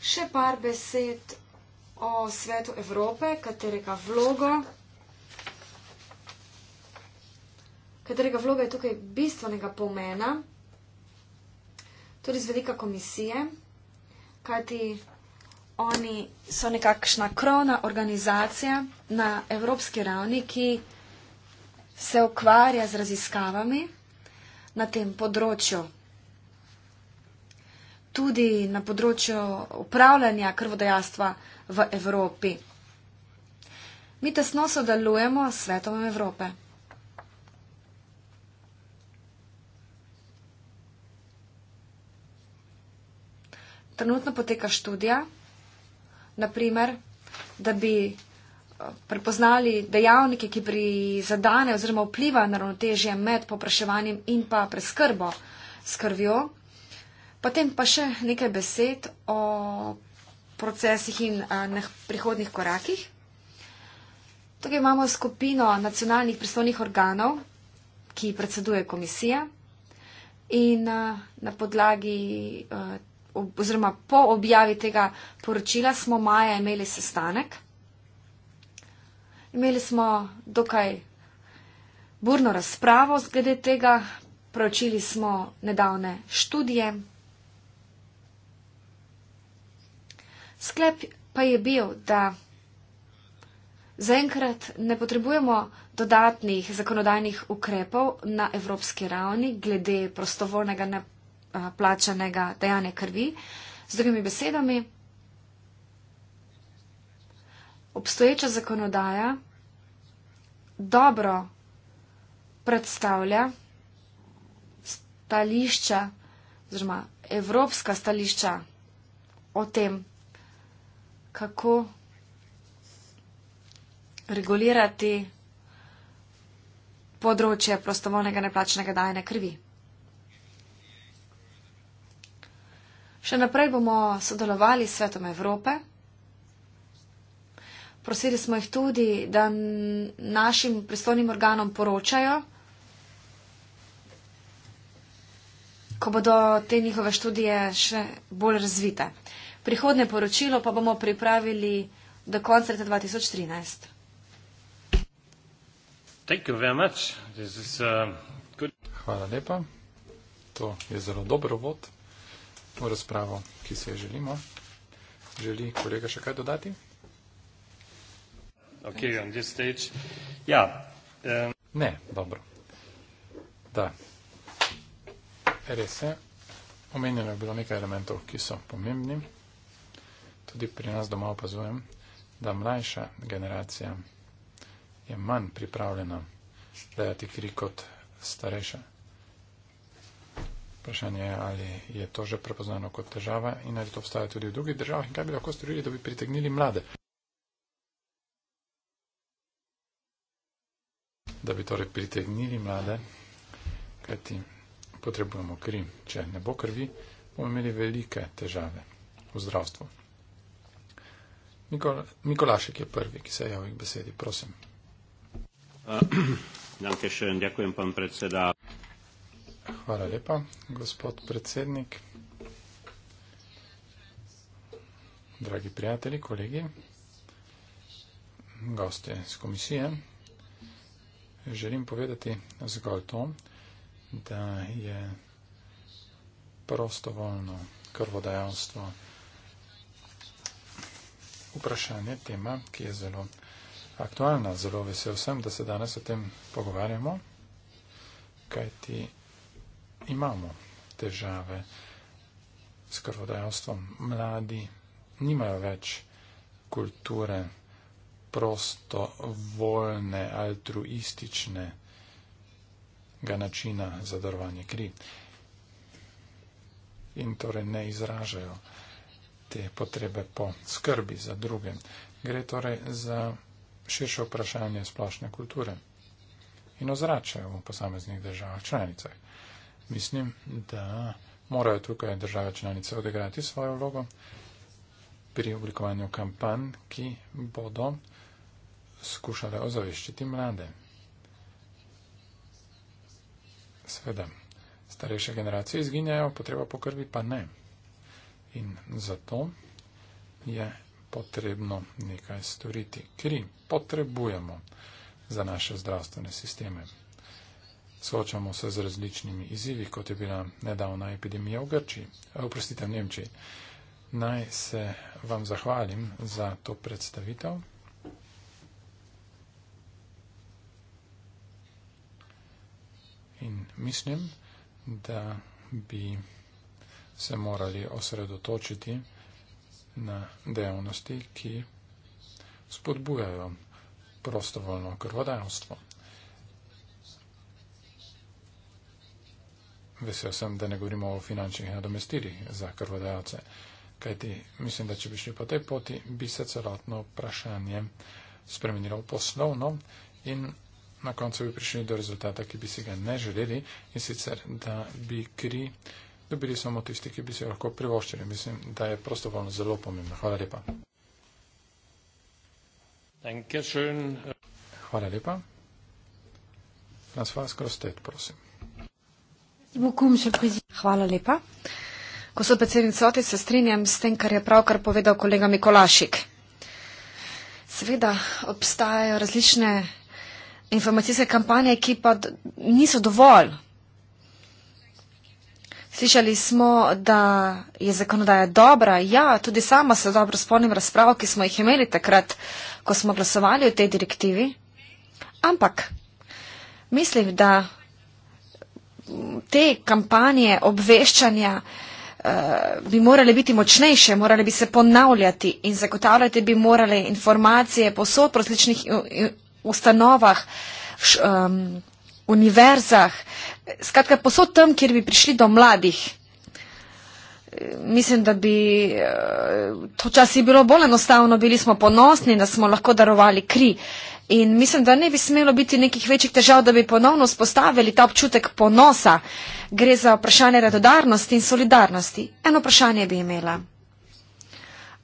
Še par besed o svetu Evrope, katerega vlogo katerega vloga je tukaj bistvenega pomena, tudi z velika komisije, kajti oni so nekakšna krona organizacija na evropski ravni, ki se ukvarja z raziskavami na tem področju. Tudi na področju upravljanja krvodajstva v Evropi. Mi tesno sodelujemo s svetom Evrope. trenutno poteka študija, naprimer, da bi eh, prepoznali dejavnike, ki prizadane oziroma vpliva na ravnotežje med popraševanjem in pa preskrbo s krvjo. Potem pa še nekaj besed o procesih in a, eh, prihodnih korakih. Tukaj imamo skupino nacionalnih pristojnih organov, ki predseduje komisija in a, eh, na podlagi a, oziroma po objavi tega poročila smo maja imeli sestanek. Imeli smo dokaj burno razpravo zglede tega, proučili smo nedavne študije. Sklep pa je bil, da zaenkrat ne potrebujemo dodatnih zakonodajnih ukrepov na evropski ravni glede prostovoljnega napredka Eh, plačanega dajanja krvi. Z drugimi besedami, obstoječa zakonodaja dobro predstavlja stališča oziroma evropska stališča o tem, kako regulirati področje prostovoljnega neplačnega dajanja krvi. Še naprej bomo sodelovali s Svetom Evrope. Prosili smo jih tudi, da našim pristojnim organom poročajo, ko bodo te njihove študije še bolj razvite. Prihodne poročilo pa bomo pripravili do konca leta 2013. Uh, Hvala lepa. To je zelo dober vod to razpravo, ki se jo želimo. Želi kolega še kaj dodati? Okay, on this stage. Ja. Um. Ne, dobro. Da. Res je. Omenjeno je bilo nekaj elementov, ki so pomembni. Tudi pri nas doma opazujem, da mlajša generacija je manj pripravljena dajati kri kot starejša. Vprašanje je, ali je to že prepoznano kot težava in ali to obstaja tudi v drugih državah in kaj bi lahko storili, da bi pritegnili mlade. Da bi torej pritegnili mlade, kajti potrebujemo kri. Če ne bo krvi, bomo imeli velike težave v zdravstvu. Nikol, Nikolašek je prvi, ki se je javil k besedi. Prosim. Uh, Dankeschön, ďakujem, pán predseda. Hvala lepa, gospod predsednik. Dragi prijatelji, kolegi, goste z komisije, želim povedati zgolj to, da je prostovoljno krvodajalstvo vprašanje, tema, ki je zelo aktualna. Zelo vesel sem, da se danes o tem pogovarjamo, kajti imamo težave s krvodajalstvom. Mladi nimajo več kulture prosto voljne, altruistične načina za darovanje kri. In torej ne izražajo te potrebe po skrbi za druge. Gre torej za širše vprašanje splošne kulture in ozračajo v posameznih državah članicah mislim, da morajo tukaj države članice odigrati svojo vlogo pri oblikovanju kampanj, ki bodo skušale ozaveščiti mlade. Sveda, starejše generacije izginjajo, potreba po krvi pa ne. In zato je potrebno nekaj storiti. Kri potrebujemo za naše zdravstvene sisteme. Soočamo se z različnimi izzivi, kot je bila nedavna epidemija v Grči, eh, oprostite, v Nemčiji. Naj se vam zahvalim za to predstavitev. In mislim, da bi se morali osredotočiti na dejavnosti, ki spodbujajo prostovoljno krvodajstvo. vesel sem, da ne govorimo o finančnih nadomestilih za krvodajalce. Kajti mislim, da če bi šli po tej poti, bi se celotno vprašanje spremenilo poslovno in na koncu bi prišli do rezultata, ki bi si ga ne želeli in sicer, da bi kri dobili samo tisti, ki bi si lahko privoščili. Mislim, da je prostovoljno zelo pomembno. Hvala lepa. Hvala lepa. Nas vas, Krostet, prosim. Hvala lepa. Gospod predsednik Sotli, se strinjam s tem, kar je pravkar povedal kolega Mikolašik. Seveda obstajajo različne informacijske kampanje, ki pa niso dovolj. Slišali smo, da je zakonodaja dobra. Ja, tudi sama se dobro spomnim razprav, ki smo jih imeli takrat, ko smo glasovali o tej direktivi. Ampak mislim, da te kampanje obveščanja eh, bi morale biti močnejše, morale bi se ponavljati in zagotavljati bi morale informacije posod po različnih ustanovah, š, um, univerzah, skratka posod tam, kjer bi prišli do mladih. Mislim, da bi eh, to čas je bilo bolj enostavno, bili smo ponosni, da smo lahko darovali kri. Uh, In mislim, da ne bi smelo biti nekih večjih težav, da bi ponovno spostavili ta občutek ponosa. Gre za vprašanje radodarnosti in solidarnosti. Eno vprašanje bi imela.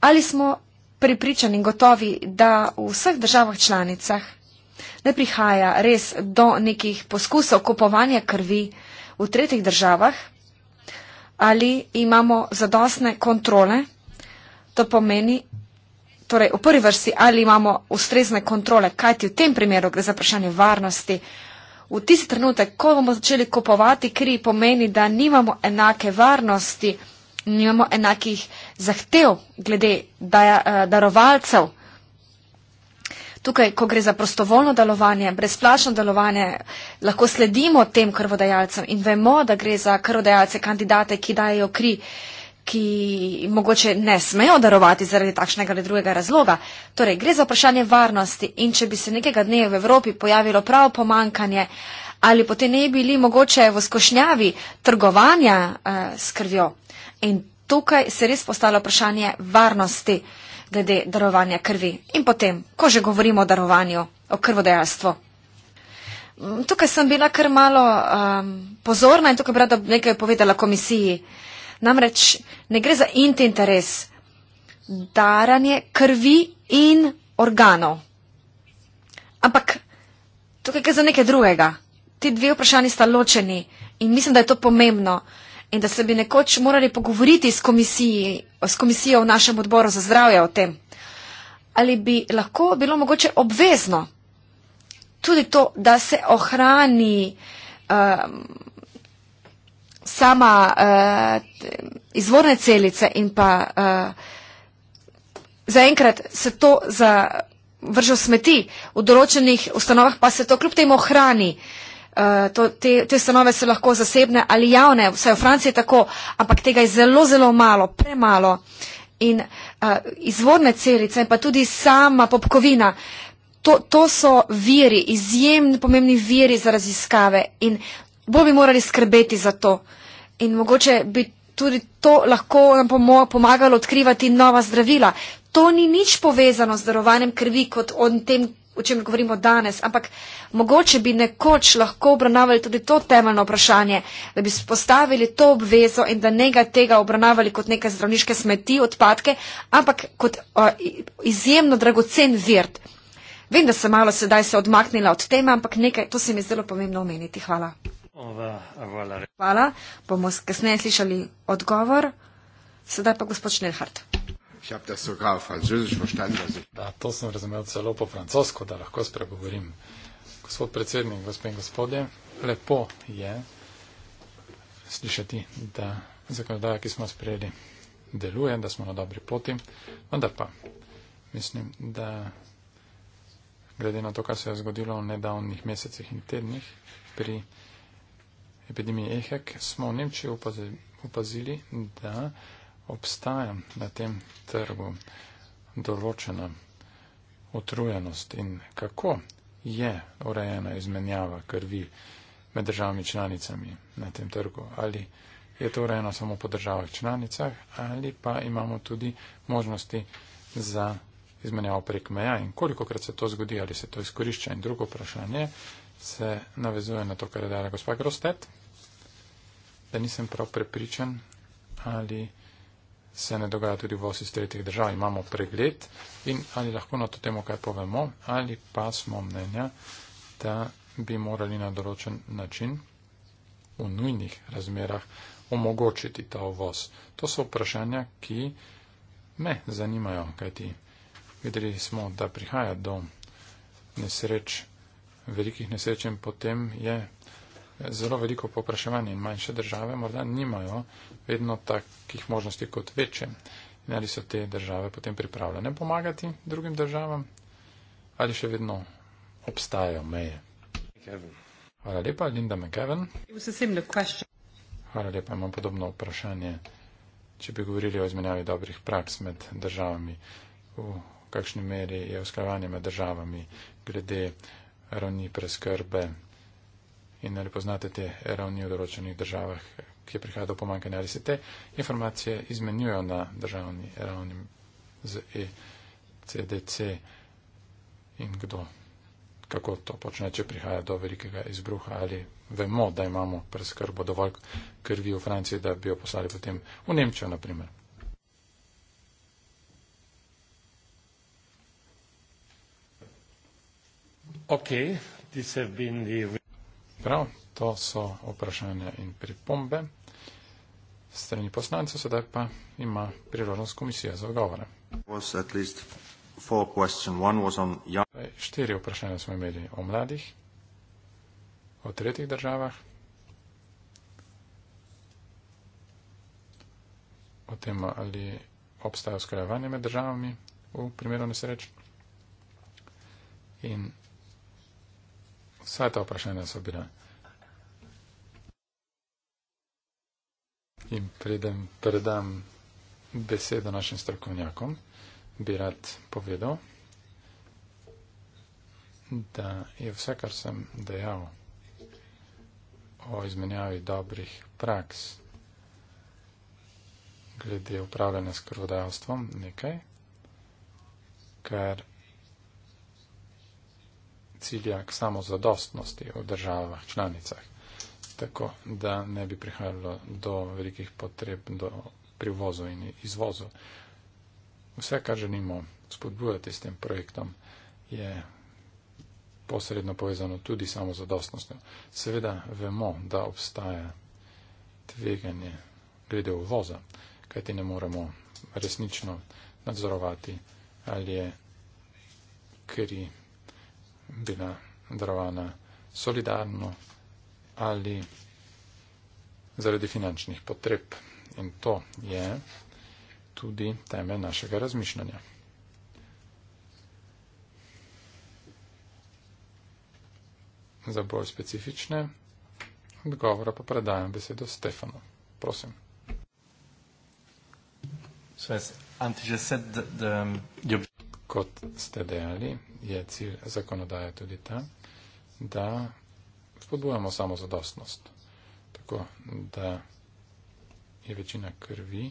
Ali smo pripričani in gotovi, da v vseh državah članicah ne prihaja res do nekih poskusov kupovanja krvi v tretjih državah? Ali imamo zadostne kontrole? To pomeni, torej v prvi vrsti, ali imamo ustrezne kontrole, kajti v tem primeru gre za vprašanje varnosti. V tisti trenutek, ko bomo začeli kupovati kri, pomeni, da nimamo enake varnosti, nimamo enakih zahtev glede eh, darovalcev. Tukaj, ko gre za prostovoljno delovanje, brezplačno delovanje, lahko sledimo tem krvodajalcem in vemo, da gre za krvodajalce, kandidate, ki dajo kri. Uh, ki mogoče ne smejo darovati zaradi takšnega ali drugega razloga. Torej, gre za vprašanje varnosti in če bi se nekega dne v Evropi pojavilo prav pomankanje ali potem ne bili mogoče v skošnjavi trgovanja eh, s krvjo. In tukaj se res postalo vprašanje varnosti glede darovanja krvi. In potem, ko že govorimo o darovanju, o krvodejstvu. Mm, tukaj sem bila kar malo um, pozorna in tukaj bi rada nekaj povedala komisiji. Uh, Namreč ne gre za int interes, daranje krvi in organov. Ampak tukaj gre za nekaj drugega. Ti dve vprašanji sta ločeni in mislim, da je to pomembno. In da se bi nekoč morali pogovoriti s, s komisijo v našem odboru za zdravje o tem, ali bi lahko bilo mogoče obvezno tudi to, da se ohrani um, sama uh, izvorne celice in pa uh, zaenkrat se to vrže v smeti, v določenih ustanovah pa se to kljub temu ohrani. Uh, to, te, te stanove so lahko zasebne ali javne, vsaj v Franciji je tako, ampak tega je zelo, zelo malo, premalo. In uh, izvorne celice in pa tudi sama popkovina, to, to so viri, izjemni pomembni viri za raziskave in bomo morali skrbeti za to. In mogoče bi tudi to lahko nam pomagalo odkrivati nova zdravila. To ni nič povezano z darovanjem krvi, kot o tem, o čem govorimo danes, ampak mogoče bi nekoč lahko obravnavali tudi to temeljno vprašanje, da bi spostavili to obvezo in da ne ga tega obravnavali kot neke zdravniške smeti, odpadke, ampak kot o, izjemno dragocen vir. Vem, da sem malo sedaj se odmaknila od teme, ampak nekaj, to se mi je zelo pomembno omeniti. Hvala. Hvala. Bomo kasneje slišali odgovor. Sedaj pa gospod Šnelhardt. Da, to sem razumel celo po francosko, da lahko spregovorim. Gospod predsednik, gospod in gospodje, lepo je slišati, da zakonodaja, ki smo sprejeli, deluje, da smo na dobri poti, vendar pa mislim, da glede na to, kar se je zgodilo v nedavnih mesecih in tednih pri epidemije EHEC, smo v Nemčiji opazili, da obstaja na tem trgu določena otrujenost in kako je urejena izmenjava krvi med državami članicami na tem trgu. Ali je to urejeno samo po državah članicah ali pa imamo tudi možnosti za izmenjavo prek meja in koliko krat se to zgodi, ali se to izkorišča. In drugo vprašanje je, se navezuje na to, kar je dala gospa Grostet, da nisem prav prepričan, ali se ne dogaja tudi voz iz tretjih držav. Imamo pregled in ali lahko na to temo kaj povemo, ali pa smo mnenja, da bi morali na določen način v nujnih razmerah omogočiti ta voz. To so vprašanja, ki me zanimajo, kajti videli smo, da prihaja do nesreč velikih nesreč in potem je zelo veliko popraševanje in manjše države morda nimajo vedno takih možnosti kot večje. In ali so te države potem pripravljene pomagati drugim državam ali še vedno obstajajo meje. Hvala lepa, Linda McEwen. Hvala lepa, imam podobno vprašanje. Če bi govorili o izmenjavi dobrih praks med državami, v kakšni meri je usklajevanje med državami glede ravni preskrbe. In ali poznate te ravni v določenih državah, ki je prihajalo do pomankanja, ali se te informacije izmenjujo na državni ravni z ECDC in kdo, kako to počne, če prihaja do velikega izbruha ali vemo, da imamo preskrbo dovolj krvi v Franciji, da bi jo poslali potem v Nemčijo, naprimer. Ok, ti se bindi v... Prav, to so vprašanja in pripombe. Strani poslancev sedaj pa ima priložnost komisija za odgovore. Torej, štiri vprašanja smo imeli o mladih, o tretjih državah, o tem, ali obstaja skrajevanje med državami v primeru nesreč in Vsa ta vprašanja so bila. In predem predam besedo našim strokovnjakom, bi rad povedal, da je vse, kar sem dejal o izmenjavi dobrih praks glede upravljanja s krvodajstvom, nekaj, kar cilja k samozadostnosti v državah članicah, tako da ne bi prihajalo do velikih potreb do privozu in izvozu. Vse, kar želimo spodbujati s tem projektom, je posredno povezano tudi s samozadostnostjo. Seveda vemo, da obstaja tveganje glede uvoza, kajti ne moremo resnično nadzorovati, ali je kri bila darovana solidarno ali zaradi finančnih potreb. In to je tudi teme našega razmišljanja. Za bolj specifične odgovore pa predajam besedo Stefano. Prosim. So, kot ste dejali, je cilj zakonodaje tudi ta, da spodbujamo samozadostnost. Tako da je večina krvi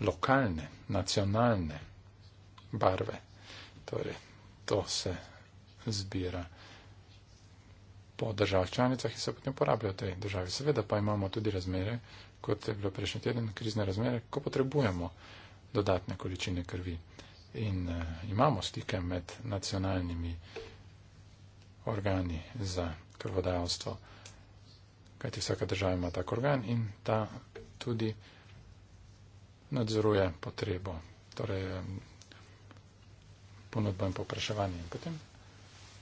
lokalne, nacionalne barve. Torej, to se zbira po državah članicah in se potem porablja v tej državi. Seveda pa imamo tudi razmere, kot je bilo prejšnji teden, krizne razmere, ko potrebujemo dodatne količine krvi in eh, imamo stike med nacionalnimi organi za krvodajalstvo, kajti vsaka država ima tak organ in ta tudi nadzoruje potrebo, torej eh, ponudbo in popraševanje. In potem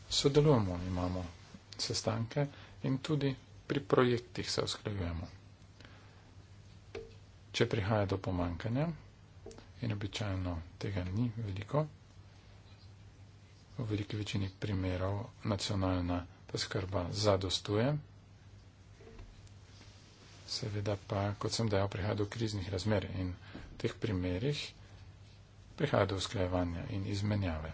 sodelujemo, imamo sestanke in tudi pri projektih se usklajujemo. Če prihaja do pomankanja, in običajno tega ni veliko. V veliki večini primerov nacionalna preskrba zadostuje. Seveda pa, kot sem dejal, prihaja do kriznih razmer in v teh primerih prihaja do usklajevanja in izmenjave.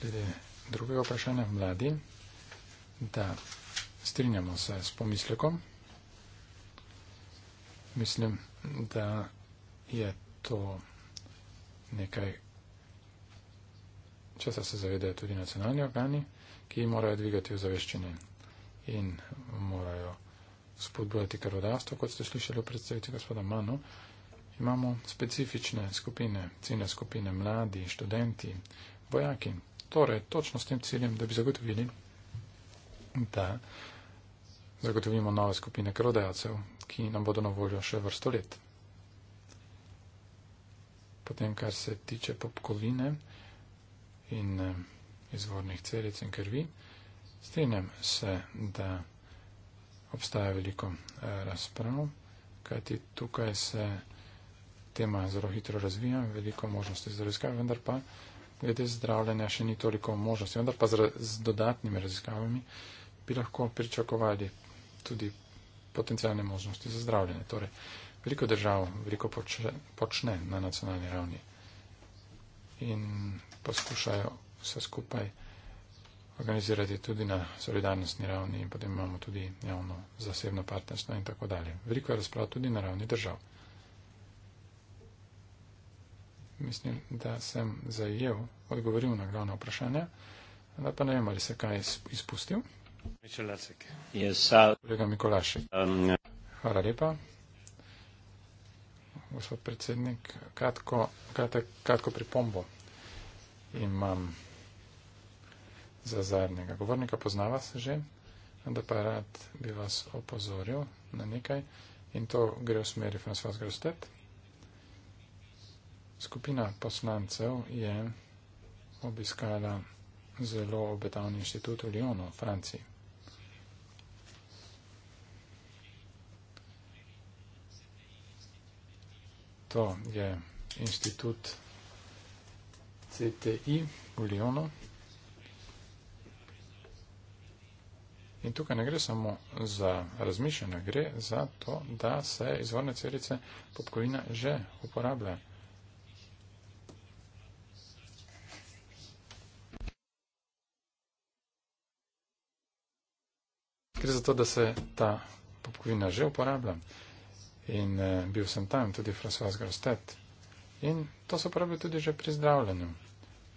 Glede drugega vprašanja mladi, da strinjamo se s pomislekom mislim, da je to nekaj, česar se zavedajo tudi nacionalni organi, ki morajo dvigati ozaveščenje in morajo spodbujati krvodavstvo, kot ste slišali v predstavitvi gospoda Manu. Imamo specifične skupine, ciljne skupine, mladi, študenti, vojaki. Torej, točno s tem ciljem, da bi zagotovili, da zagotovimo nove skupine krvodajalcev, ki nam bodo na voljo še vrsto let. Potem, kar se tiče popkovine in eh, izvornih celic in krvi, strinjam se, da obstaja veliko eh, razprav, kajti tukaj se tema zelo hitro razvija, veliko možnosti za raziskave, vendar pa glede zdravljenja še ni toliko možnosti, vendar pa z, z dodatnimi raziskavami bi lahko pričakovali tudi potencijalne možnosti za zdravljenje. Torej, veliko držav, veliko počne, počne na nacionalni ravni in poskušajo vse skupaj organizirati tudi na solidarnostni ravni in potem imamo tudi javno zasebno partnerstvo in tako dalje. Veliko je razprav tudi na ravni držav. Mislim, da sem zajel, odgovoril na glavna vprašanja, da pa ne vem, ali se kaj izpustil. Uh, Kolega Mikolašek. Um, Hvala lepa. Gospod predsednik, kratko, kratek, kratko pripombo imam za zadnjega govornika. Pozna vas že, vendar pa rad bi vas opozoril na nekaj in to gre v smeri François Grostet. Skupina poslancev je obiskala zelo obetavni inštitut v Lyonu, v Franciji. to je inštitut CTI v Lijonu. In tukaj ne gre samo za razmišljanje, gre za to, da se izvorne celice popkovina že uporablja. Gre za to, da se ta popkovina že uporablja in uh, bil sem tam tudi François Grostet. In to so pravi tudi že pri zdravljenju.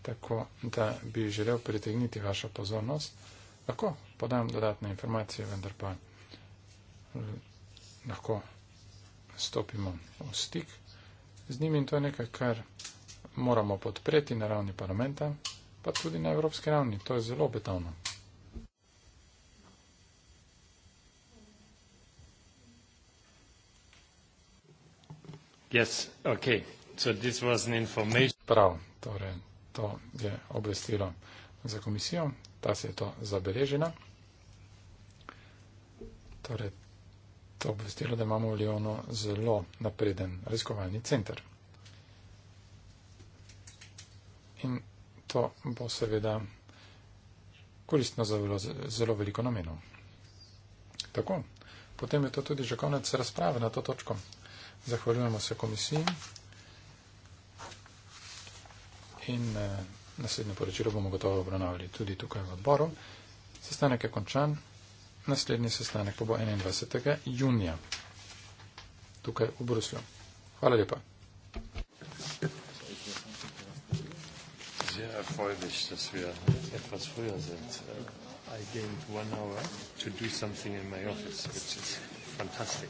Tako da bi želel pritegniti vašo pozornost, lahko podam dodatne informacije, vendar pa eh, lahko stopimo v stik z njimi in to je nekaj, kar moramo podpreti na ravni parlamenta, pa tudi na evropski ravni. To je zelo obetavno. Yes, okay. So this was an information. Prav, torej to je obvestilo za komisijo, ta se je to zabeležila. Torej, to obvestilo, da imamo v Lijonu zelo napreden raziskovalni center. In to bo seveda koristno za zelo, zelo veliko namenov. Tako, potem je to tudi že konec razprave na to točko. Zahvaljujemo se komisiji. In eh, naslednje poročilo bomo gotovo obravnavali tudi tukaj v odboru. Sestanek je končan. Naslednji sestanek pa bo 21. junija tukaj v Bruslju. Hvala lepa. Sehr erfreulich, dass wir etwas früher sind. Uh, I gained one hour to do something in my office, which is fantastic.